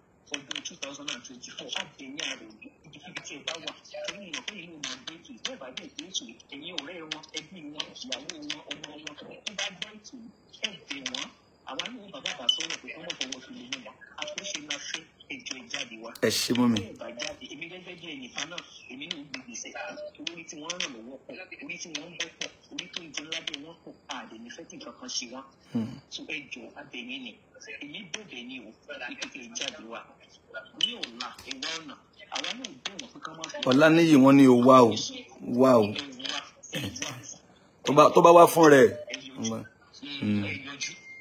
ọdún two thousand and twenty four àti ẹ̀yìn ààrẹ ibikíbi tí ẹ bá wà torí ìyàn pé èyí ò máa gbé ètò ìgbẹ́ ìbàdàn ìgbé ètò ẹ̀yìn ọ̀rẹ́ wọn ẹbí wọn ìyàwó wọn ọmọ wọn tó bá gbọ́ ètò ẹ̀ bẹ̀ wọ́n àwa náà bàbá àbá sọ̀rọ̀ pé wọ́n fọwọ́ sí mi níwọ̀n àtúnṣe máa fẹ́ ẹjọ́ ìjáde wa. ẹ ṣe mọ́ mi. ìbàjáde èmi gẹ́gẹ́ bí ẹnì náà èmi náà gbègbè sẹ́ orí tí wọ́n ràn lọ́wọ́ pọ̀ orí tí wọ́n bọ́ pọ̀ orí tó ń jẹ lábẹ́ wọn pọ̀ àdè ní fẹ́ kí nǹkan kan ṣe wọ́n. Hmm. so ẹjọ́ abẹ́yẹn ni èmi bẹ̀bẹ̀ ni o ìkẹkẹ ìjáde wa ní ọ̀la ẹ̀wá ọ̀nà àwa náà dùn wọ́n ní o wá tó bá wá fún rẹ̀. ẹ̀yọ́jú hmm.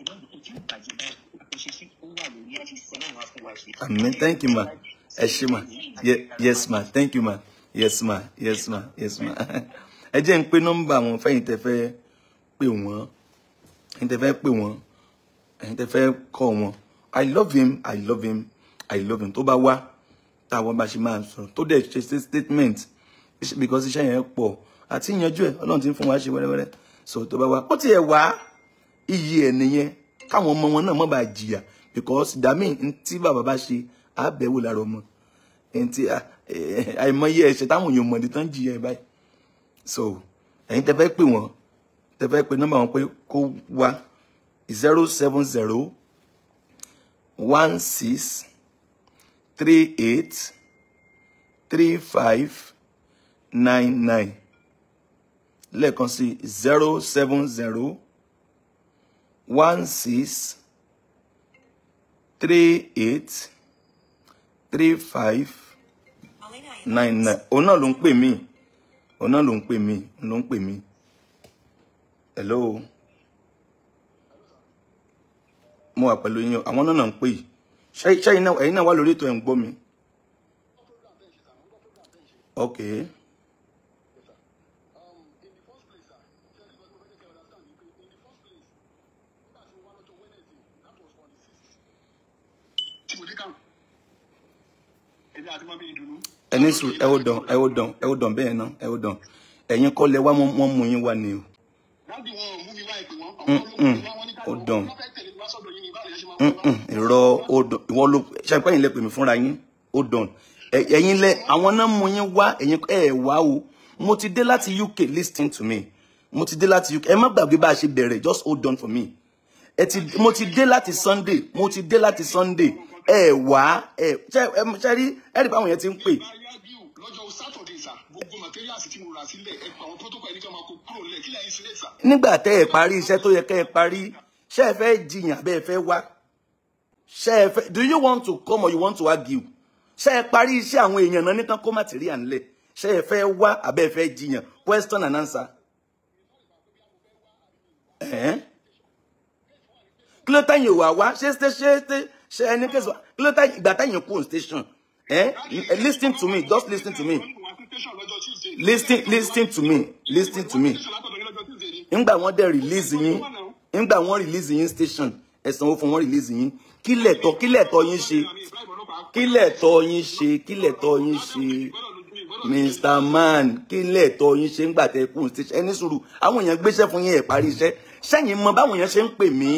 Amen. Mm, thank you, ma. Ẹ ṣé ma. Yes, ma. Thank you, ma. Yes, ma. Yes, ma. Yes, ma. Ẹ jẹ́ ń number nọ́mbà wọn fẹ́yìn tẹ fẹ́ pè wọ́n. Ẹ̀yin tẹ fẹ́ pè wọ́n. Ẹ̀yin tẹ fẹ́ kọ́ wọn. I love him. I love him. I love him. Tó wa. wá, wa bá ṣe máa sọ̀rọ̀. Tó dẹ̀ ṣe statement because iṣẹ́ yẹn pọ̀. Ati ìyanjú ẹ̀ Ọlọ́run ti ń fún wa ṣe wẹ́rẹ́wẹ́rẹ́. So tó bá wá, ó ti ẹ̀ wá iyì ẹ̀ nìyẹn káwọn ọmọ wọn náà má bàa jìyà because dami ntí bàbá bá ṣe àbẹ̀wò lára ọmọ ntí àìmọye ẹ̀ṣẹ̀ táwọn èèyàn mọ̀dé tán jìyà ẹ̀ báyìí so ẹ̀yin tẹ́ fẹ́ pè wọ́n tẹ́ fẹ́ pè nọ́mbà wọn pé kó wá zero seven zero one six three eight three five nine nine lẹ́ẹ̀kan sí zero seven zero one six three eight three five nine nine òun náà ló ń pè mí òun náà ló ń pè mí òun ló ń pè mí hello mo wà pẹ̀lú yín àwọn náà náà ń pè yìí ṣẹ́yìn náà ẹ̀yin náà wà lórí ètò ẹ̀ ń gbọ́ mi okay. sùn ẹ ó dàn ẹ ó dàn ẹ ó dàn bẹ́ẹ̀ náà ẹ ó dàn ẹ̀yin kọ́ lẹ wá wọ́n mú yín wá ni o. Mm, mm, ó dàn ìrọ̀ mm, ó dàn ìwọ ló ṣàpẹ́ yín lẹ pè mí fúnra yín ó dàn ẹ̀yin lẹ àwọn náà mú yín wá ẹ̀yin ẹ̀ wá o mo ti dé láti UK listening to me mo ti dé láti UK ẹ má gbàgbé bá a ṣe just hold on for me ẹ ti mo ti dé láti Sunday mo ti dé láti Sunday ẹ wá ẹ ṣe ẹ ṣe rí ẹ rí báwọn yẹn ti ń pè nígbà tẹ́ ẹ parí iṣẹ́ tó yẹ kẹ́ ẹ parí ṣé ẹ fẹ́ jiyàn bẹ́ẹ̀ fẹ́ wá ṣé ẹ fẹ́ do you want to come or you want to argue ṣé ẹ parí iṣẹ́ àwọn èèyàn náà nìkan kó material ńlẹ̀ ṣé ẹ fẹ́ wá àbẹ́ ẹ fẹ́ jiyàn question and answer. kí ló tẹ̀yìn wà wá ṣé ṣé ṣé ṣé ẹni kí ló tẹ̀yìn ìgbà tẹ̀yìn kù station eh? listen to me just listen to me listen listen to me listen to me ńgbà wọ́n dẹ̀ release yín ńgbà wọ́n release yín station ẹ̀sán owó fún wọn release yín kí lẹ̀tọ́ kí lẹ̀tọ́ yín ṣe kí lẹ̀tọ́ yín ṣe kí lẹ̀tọ́ yín ṣe mr man kí lẹ̀tọ́ yín ṣe ńgbà tẹ kú station ẹni sùúrù àwọn èèyàn gbéṣẹ́ fún yín ẹ̀ parí iṣẹ́ sẹ́yìn mọ báwọn èèyàn ṣe ń pè mí.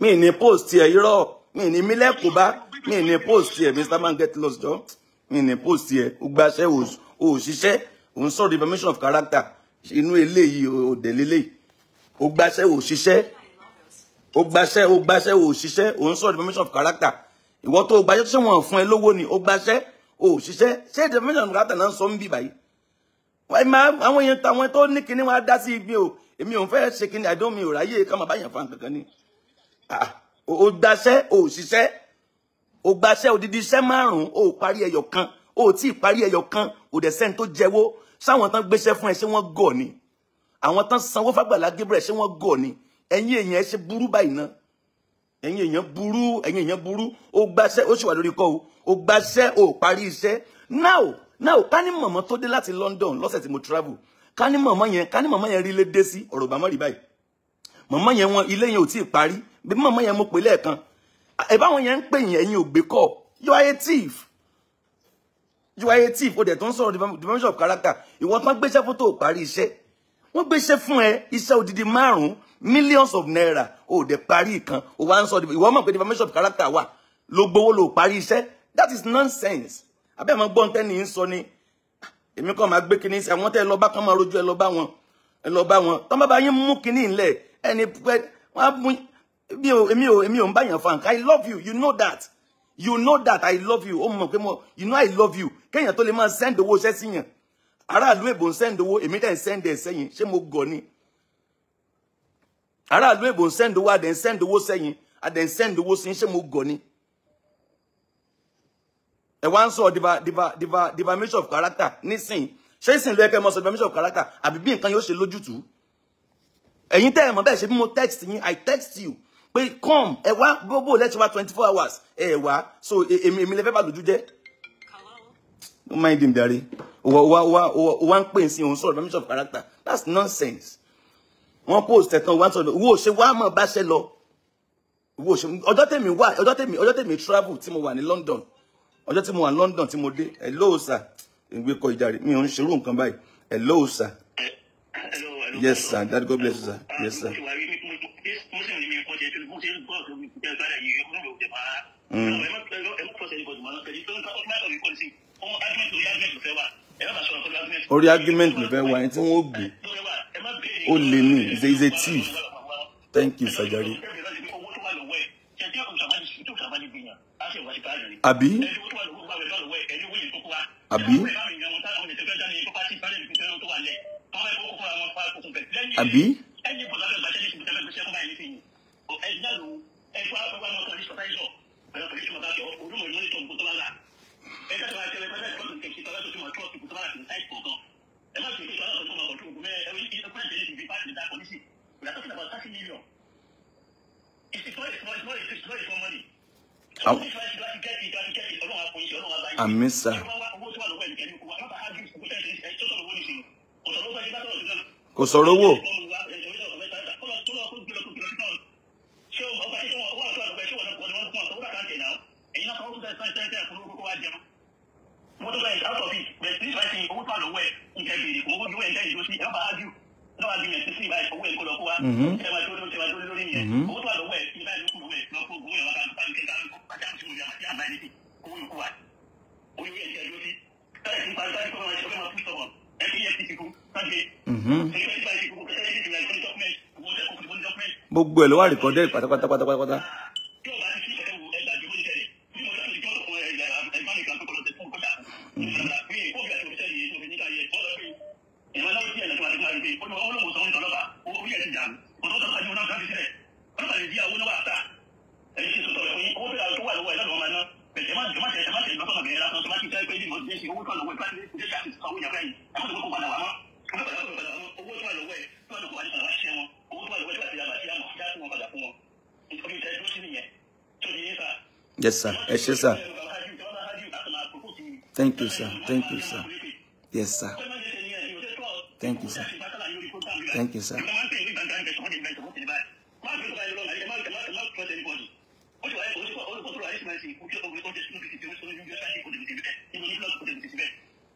mi ní post ẹ̀ irọ́ mi ní mílẹ̀ kó bá mi ní post yẹ mr man get lost jọ mi ní post yẹ o gbaṣẹ́ o ṣiṣẹ́ o ń sọ̀rọ̀ information of character Inu eléyìí o dẹ̀ lélẹ́yìí o gbaṣẹ́ o ṣiṣẹ́ o gbaṣẹ́ o gbaṣẹ́ o ṣiṣẹ́ o ń sọ̀rọ̀ information of character ìwọ tó o gbaṣẹ́ ṣé wọn fún ẹ lówó ni o gbaṣẹ́ o ṣiṣẹ́ ṣé information of character náà ń sọ ń bì báyìí àwọn èèyàn táwọn tó ní kinní wọn á dá sí ibi o èmi ò fẹ́ ṣe kinní àdó mi ò ráyè ká máa bá yàn fa nǹkan kan ni ah, o gbaṣẹ́ o ṣiṣẹ́ o gbaṣẹ́ odidi iṣẹ́ márùn-ún o parí ẹyọ kan o tí ì parí ẹyọ kan ò dẹ̀ sẹ́ni tó jẹ́wọ́ sáwọn tán gbéṣẹ́ fún ẹ ṣé wọ́n gọ̀ ni àwọn tán sanwó fàgbàlá Gabriel ṣé wọ́n gọ̀ ni ẹ̀yin èèyàn ẹ ṣe burú báyìí náà ẹ̀yin èèyàn burú ẹ̀yin èèyàn burú o gbaṣẹ́ o ṣì wà lórí kọ́ o o gbaṣẹ́ o parí iṣẹ́ now now ká ní mọ̀mọ́ de dé láti London lọ́sẹ̀ tí mo travel ká ní mọ̀mọ́ yẹn ká ní mọ̀mọ́ yẹn rí ilé dé sí ọ̀rọ̀ bàmọ́ rí báyìí mọ̀mọ́ yẹn wọn ilé yẹn ò tí ì parí bí mọ̀mọ́ yẹn mo pè lẹ́ẹ̀kan ẹ báwọn yẹn ń pè yín ẹ̀yin ògbé you are a thief you are a thief ó dẹ̀ tó ń the dimension of character ìwọ́n tán gbéṣẹ́ fótó ò parí iṣẹ́ wọ́n gbéṣẹ́ fún ẹ iṣẹ́ odidi márùn-ún millions of naira ó dẹ̀ parí ìkan ó wá ń sọ ìwọ́n mọ̀ pé dimension of character wà ló gbowó ló parí iṣẹ́ that is nonsense abẹ́ àmọ́ gbọ́n tẹ́ni ń sọ ni èmi kàn máa gbé kinní sí àwọn tẹ́ ẹ lọ bá kàn máa rojú ẹ lọ bá wọn ẹ lọ bá wọn tọ́ bá bá yín mú kinní ńlẹ̀ mi ò èmi ò èmi ò ń bá yàn fan i love you you know that you know that i love you ó mọ̀ pé mo you know i love you kéèyàn tó lè máa send owó iṣẹ́ sí yàn aráàlú èbò ń send owó èmi dẹ̀ send ẹ̀ sẹ́yìn ṣé mo gọ̀ ni aráàlú èbò ń send owó adẹ̀ send owó sẹ́yìn adẹ̀ ń send owó sí ṣé mo gọ̀ ni ẹ wá ń sọ diva diva diva defamation of character nísìn ṣé ìsìn ló yẹ kẹ́ mọ sọ defamation of character àbí bí nǹkan yóò ṣe lójútùú ẹ̀yin tẹ́ ẹ̀ mọ̀ bẹ́ẹ̀ ṣe bí mo text yín i text you pé come ẹ wá gbogbo lẹ́tí wá twenty four hours ẹ wá so èmi e, e, èmi lè fẹ́ bá lójú jẹ́. no mind him dare wa wa wa wa ń pè sí òun sọ̀rọ̀ damage of character that's nonsense wọ́n post ẹ̀tàn wá sọ̀rọ̀ wo ṣe wá mọ̀ bá ṣe lọ wo ṣe ọjọ́ tèmi wá ọjọ́ tèmi ọjọ́ tèmi travel tí mo wà ní London ọjọ́ tí mo wà ní London tí mo dé hello sir ìgbé kọ ìjàre mi ò ń ṣerú nǹkan báyìí hello sir yes sir dad god bless you sir uh, yes sir mo ṣe ń gbọ́ ọ̀sẹ̀ mi kúta ìgbàlẹ̀ yìí ẹkún ló jẹ̀ máa. ẹ má ẹ má fọṣẹ ìbọdù mọ́ ẹni tó ń bá ọdún láàrín kọ́ sí ọmọ argument orí argument ló fẹ́ wà ẹ argument. orí argument ló fẹ́ wà ẹni tí wọ́n gbé ó lè thief thank you Sajari. àbí àbí àbí ẹ̀dínàlù ẹ̀fọ́ àgbàgbà náà tàbí sọ̀tàìsọ̀ ẹ̀rọ pẹ̀lú ìṣọ̀mọ̀tà àjọ olúmọ̀ ìmọ̀ ní tòun kótóbá la ẹ̀ka tó àti ẹ̀rẹ́pẹ́rẹ́ tó ń kẹ̀kẹ́ tọ́lá tó ti mọ̀ tó ti kótóbá la ti ń táì kọ̀ọ̀kan ẹ̀ má ti fi tọ́lá tó ti mọ̀ tó kù mẹ́ ẹ̀rọ ìṣọ̀mọ̀tà àjọ ìbí pàṣẹ ìdá kọ́lísì ìdàtọ̀ ti dàgbà thirty million. It's a story for money. Àmín sà. Kò sọ̀rọ̀ owó ṣé o ọba ṣé wọn wà fún àgbẹ ṣé wọn wọn wọn wọn kódà káńtì náà ẹ̀yin náà kọ́kọ́ sẹ́yìn sẹ́yìn sẹ́yìn fún kókó wa jẹun. mo tó bẹ̀rẹ̀ sáfọ̀ bíi bẹ̀rẹ̀ sí ìfàṣẹ owó tó àlọ́wọ́ ẹ̀ nǹkan bèrè kò mọ́kó dúró ẹ̀ńtẹ́ ìdósí ẹ̀ bá ájú náà wà gbìyànjú sí ìbáyìí owó ẹ̀ kó lọ kó wa ẹ̀ máa tó Mm-hmm. gbogbo ẹ̀ ló wà rìkọ́dẹ́ pátápátá pátápátá. Thank mm-hmm. you yes sir ẹ sir thank you sir thank you sir yes sir thank you sir thank you sir.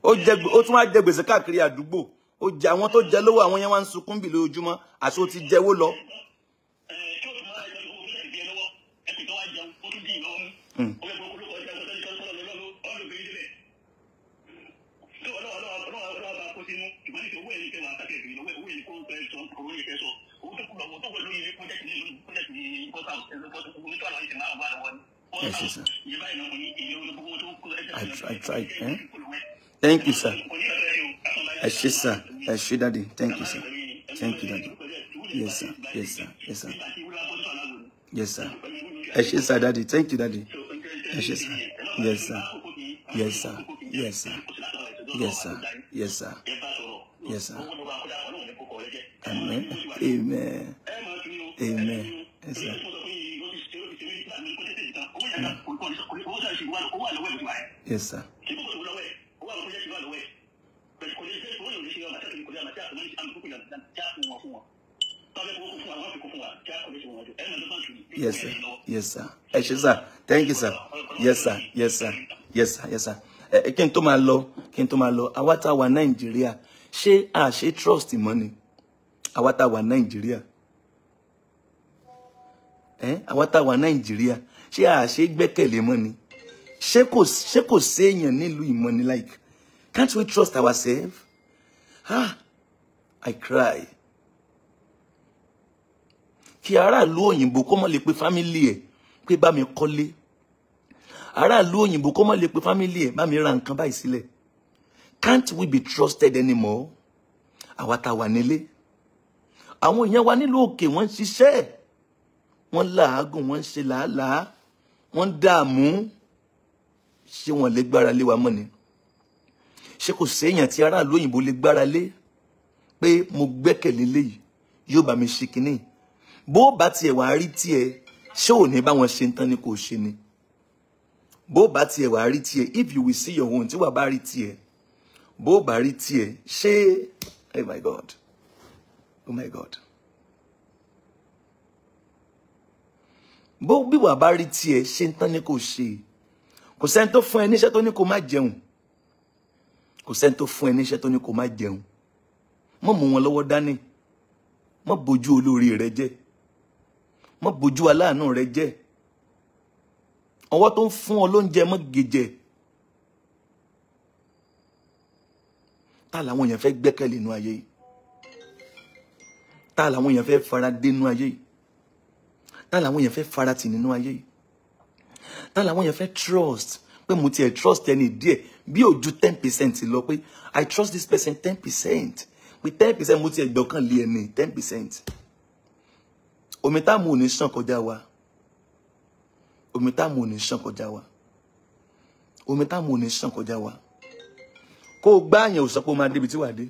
ó jẹ ó tún wá jẹ gbèsè káàkiri àdúgbò ó jẹ àwọn tó jẹ lówó àwọn yẹn wá ń sunkún bì lójúmọ́ àti ó ti jẹwó lọ. ṣé o tún máa ń ṣe owó ìdíyẹ lọ́wọ́ ẹ pè tó wá jẹun ó tún dì í side. Eh? Thank you, sir. Ẹ ṣé sir. Ẹ ṣé daddy. Thank you, sir. Thank you, daddy. Yes, sir. Yes, sir. Yes, sir. Yes, sir. Ẹ ṣé sir, daddy. Thank you, daddy. Ẹ ṣé sir. Yes, sir. Yes, sir. Yes, sir. Yes, sir. Yes, sir. Yes, sir. Amen. Amen. Amen. Yes, sir. Yes, sir. yes sir yes sir thank you sir yes sir yes sir yes sir yes sir ẹ kí n tó máa lọ kí n tó máa lọ àwa tá a wà nàìjíríà ṣé a ṣe trust mọ́ ni àwa tá a wà nàìjíríà ẹ àwa tá a wà nàìjíríà ṣé a ṣe gbẹ́kẹ̀lé mọ́ ni ṣé kò ṣé kò séèyàn nílùú ìmọ̀ like can't we trust ourselves ah i cry kí aráàlú òyìnbó kó mọ̀ lè pe fámìlì ẹ̀ pé bá mi kọ́lé aráàlú òyìnbó kó má lè pe fámìlì ẹ̀ bá mi ra nǹkan báyìí sílẹ̀ can't we be trusted anymore àwa tá a wà nílé àwọn èèyàn wa nílùú òkè wọ́n ń ṣiṣẹ́ wọ́n làágùn wọ́n ń ṣe làálàá wọ́n ń dààmú ṣé wọ́n lè gbára lé wa mọ́ ni ṣé kò séèyàn tí aráàlú òyìnbó lè gbára lé pé mo gbẹ́kẹ̀lé léyìí yóò bá mi ṣe kínní bó bá tiẹ̀ wá rí tiẹ̀ ṣé ò ní bá wọn ṣe ń tán ni kò ṣe ni bó bá tiẹ̀ wá rí tiẹ̀ if you will see your own tí wàá bá rí tiẹ̀ bó bá rí tiẹ̀ ṣé oh my god oh my god bó bí wàá bá rí tiẹ̀ ṣe ń tán ni kò ṣe kò sẹ́ni tó fún ẹ níṣẹ́ tó ní kó má jẹun kò sẹ́ni tó fún ẹ níṣẹ́ tó ní kó má jẹun mọ́ mú wọn lọ́wọ́ dání mọ́ bójú olórí rẹ jẹ́ mọ́ bójú aláàánú rẹ jẹ́ ọwọ́ tó ń fún ọ lóúnjẹ mọ́ gèjẹ̀ tá làwọn èèyàn fẹ́ gbẹ́kẹ̀lé inú ayé yìí tá làwọn èèyàn fẹ́ fara dé inú ayé yìí tá làwọn èèyàn fẹ́ fara tì nínú ayé yìí tá làwọn èèyàn fẹ́ trust pé mo tiẹ̀ trust ẹni díẹ̀ bí ò ten percent lọ pé I trust this person ten percent pé ten percent mo tiẹ̀ gbọ́kàn lé ẹni ten percent omi tá mú ní sàn kọjá wa omi tá mú ní sàn kọjá wa omi tá mú ní sàn kọjá wa kó o gbá yẹn ò sọ pé o máa débi tí wàá dé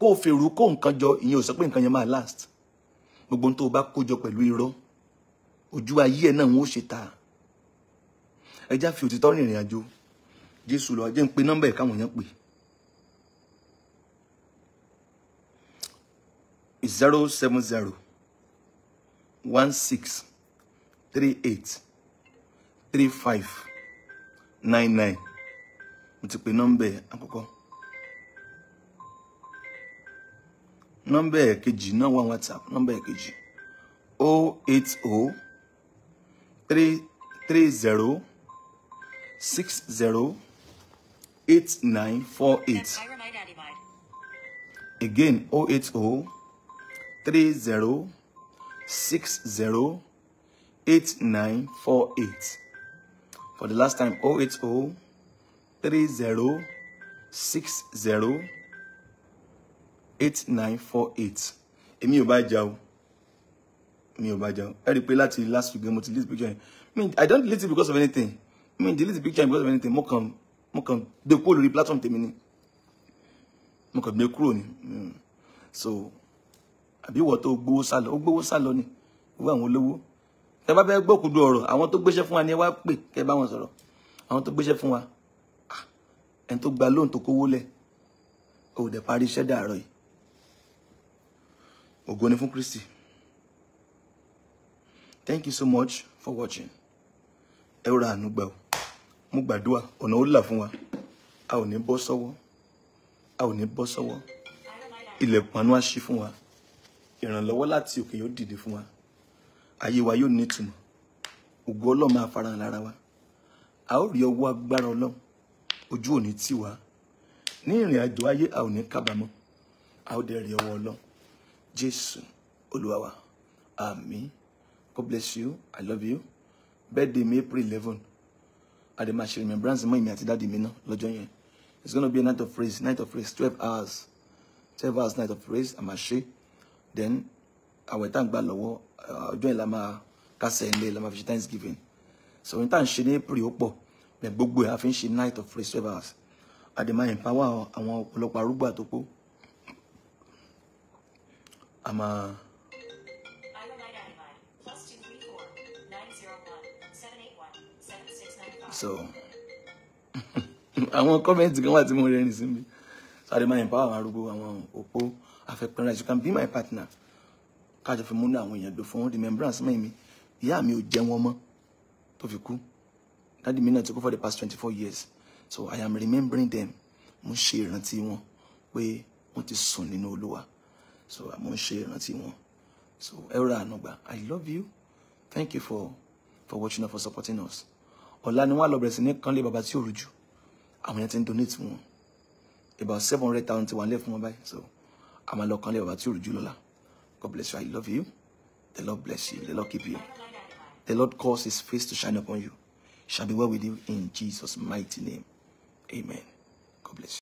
kó o fèrú kó nǹkan jọ ìyẹn ò sọ pé nǹkan yẹn máa last gbogbo ohun tó o bá kó jọ pẹ̀lú irọ́ ojú ayé ẹ̀ náà ń ó ṣe ta ẹja fi òtítọ́ rìnrìn àjò jésù lọ ajé ń pe nọ́mbà ẹ̀ káwọn èèyàn pè é. zero seven zero one six three eight three five nine nine mo ti pè nọ́mbà ẹ̀ àkọ́kọ́ nọ́mbà ẹ̀ kejì whatsapp nọ́mbà ẹ̀ o oh eight o oh three three zero six zero eight nine four eight again o oh eight o three zero six zero eight nine four eight for the last time oh eight oh three zero six zero eight nine four eight èmi ò bá jà o mi ò bá jà o ẹ rí i pé láti last week mo ti delete picture I mean, i don't delete it because of anything I mean, delete the picture because of anything mo kàn mo kàn gbé kúrò lórí platform tèmi ni mo kàn gbé kúrò ni hmm. so àbí wọ́n tó gbowó sálọ ó gbowó sálọ ni owó àwọn olówó tẹ bá fẹ́ gbókùdù ọ̀rọ̀ àwọn tó gbéṣẹ́ fún wa ni ẹ wá pè kẹ bá wọn sọ̀rọ̀ àwọn tó gbéṣẹ́ fún wa ẹni tó gba lóhùn tó kówó lẹ̀ ò dẹ̀ parí iṣẹ́ dàárọ̀ yìí ògo ni fún Kristi thank you so much for watching ẹ rọra àánú gbà ó mo gbàdúrà ọ̀nà ó là fún wa a ò ní bọ́ sọ́wọ́ a ò ní bọ́ sọ́wọ́ ilẹ̀kùn àánú á ṣí fún wa ìrànlọ́wọ́ láti òkè yóò dìde fún wa ayé wa yóò nítumọ̀ ògo ọlọ́run máa farahàn lára wa a ó rí ọwọ́ agbára ọlọ́run ojú òní tì wá ní ìrìn àjò ayé a ò ní kábàámọ̀ a ó dẹ̀ rí ọwọ́ ọlọ́run jésù olúwa wa àmín god bless you i love you birthday mi april eleven ademase remembrance mọ́ èmi àti dáàdi mi náà lọ́jọ́ yẹn it's gonna be a night of praise night of praise twelve hours twelve hours night of praise àmàṣe then àwẹ̀ tá à ń gbà lọ́wọ́ eh, ọjọ́ yìí la máa kásẹ̀ la máa fi thanksgiving so in tá à ń ṣe ní april ó gbogbo a fi ń night of praise twelve hours àdèmá empower àwọn ọ̀pọ̀lọpọ̀ to àtòpó a máa. so <laughs> àwọn kọ́mẹ́ǹtì kan wà tí mo rẹ́rìn sí mi so àdèmá empower àwọn arúgbó àwọn òpó afẹ́pẹ́rẹ́ you can be my partner kájọ fi múnú àwọn èèyàn dùn fún remembrance mọ́ mi ìyá mi ò jẹ́ wọn mọ́ tó fi kú dáàdi mi náà ti kú for the past twenty four years so I am remembering them mo ń ṣe ìrántí wọn pé wọ́n ti sùn nínú olúwa so mo ń ṣe ìrántí wọn so ẹ̀rọ ànàgbà I love you thank you for for watching us for supporting us ọ̀la ni wọ́n á lọ bẹ̀rẹ̀ sí ní kánlé bàbá tí ò rújú àwọn yẹn ti ń donate wọn about seven hundred thousand ti wà lẹ́ẹ̀ fún wọn báyìí so. I'm lọ kan lé bàbá tí God bless you I love you the Lord bless you the Lord keep you the Lord cause his face to shine upon you shall be well with you in Jesus mighty name amen God bless you.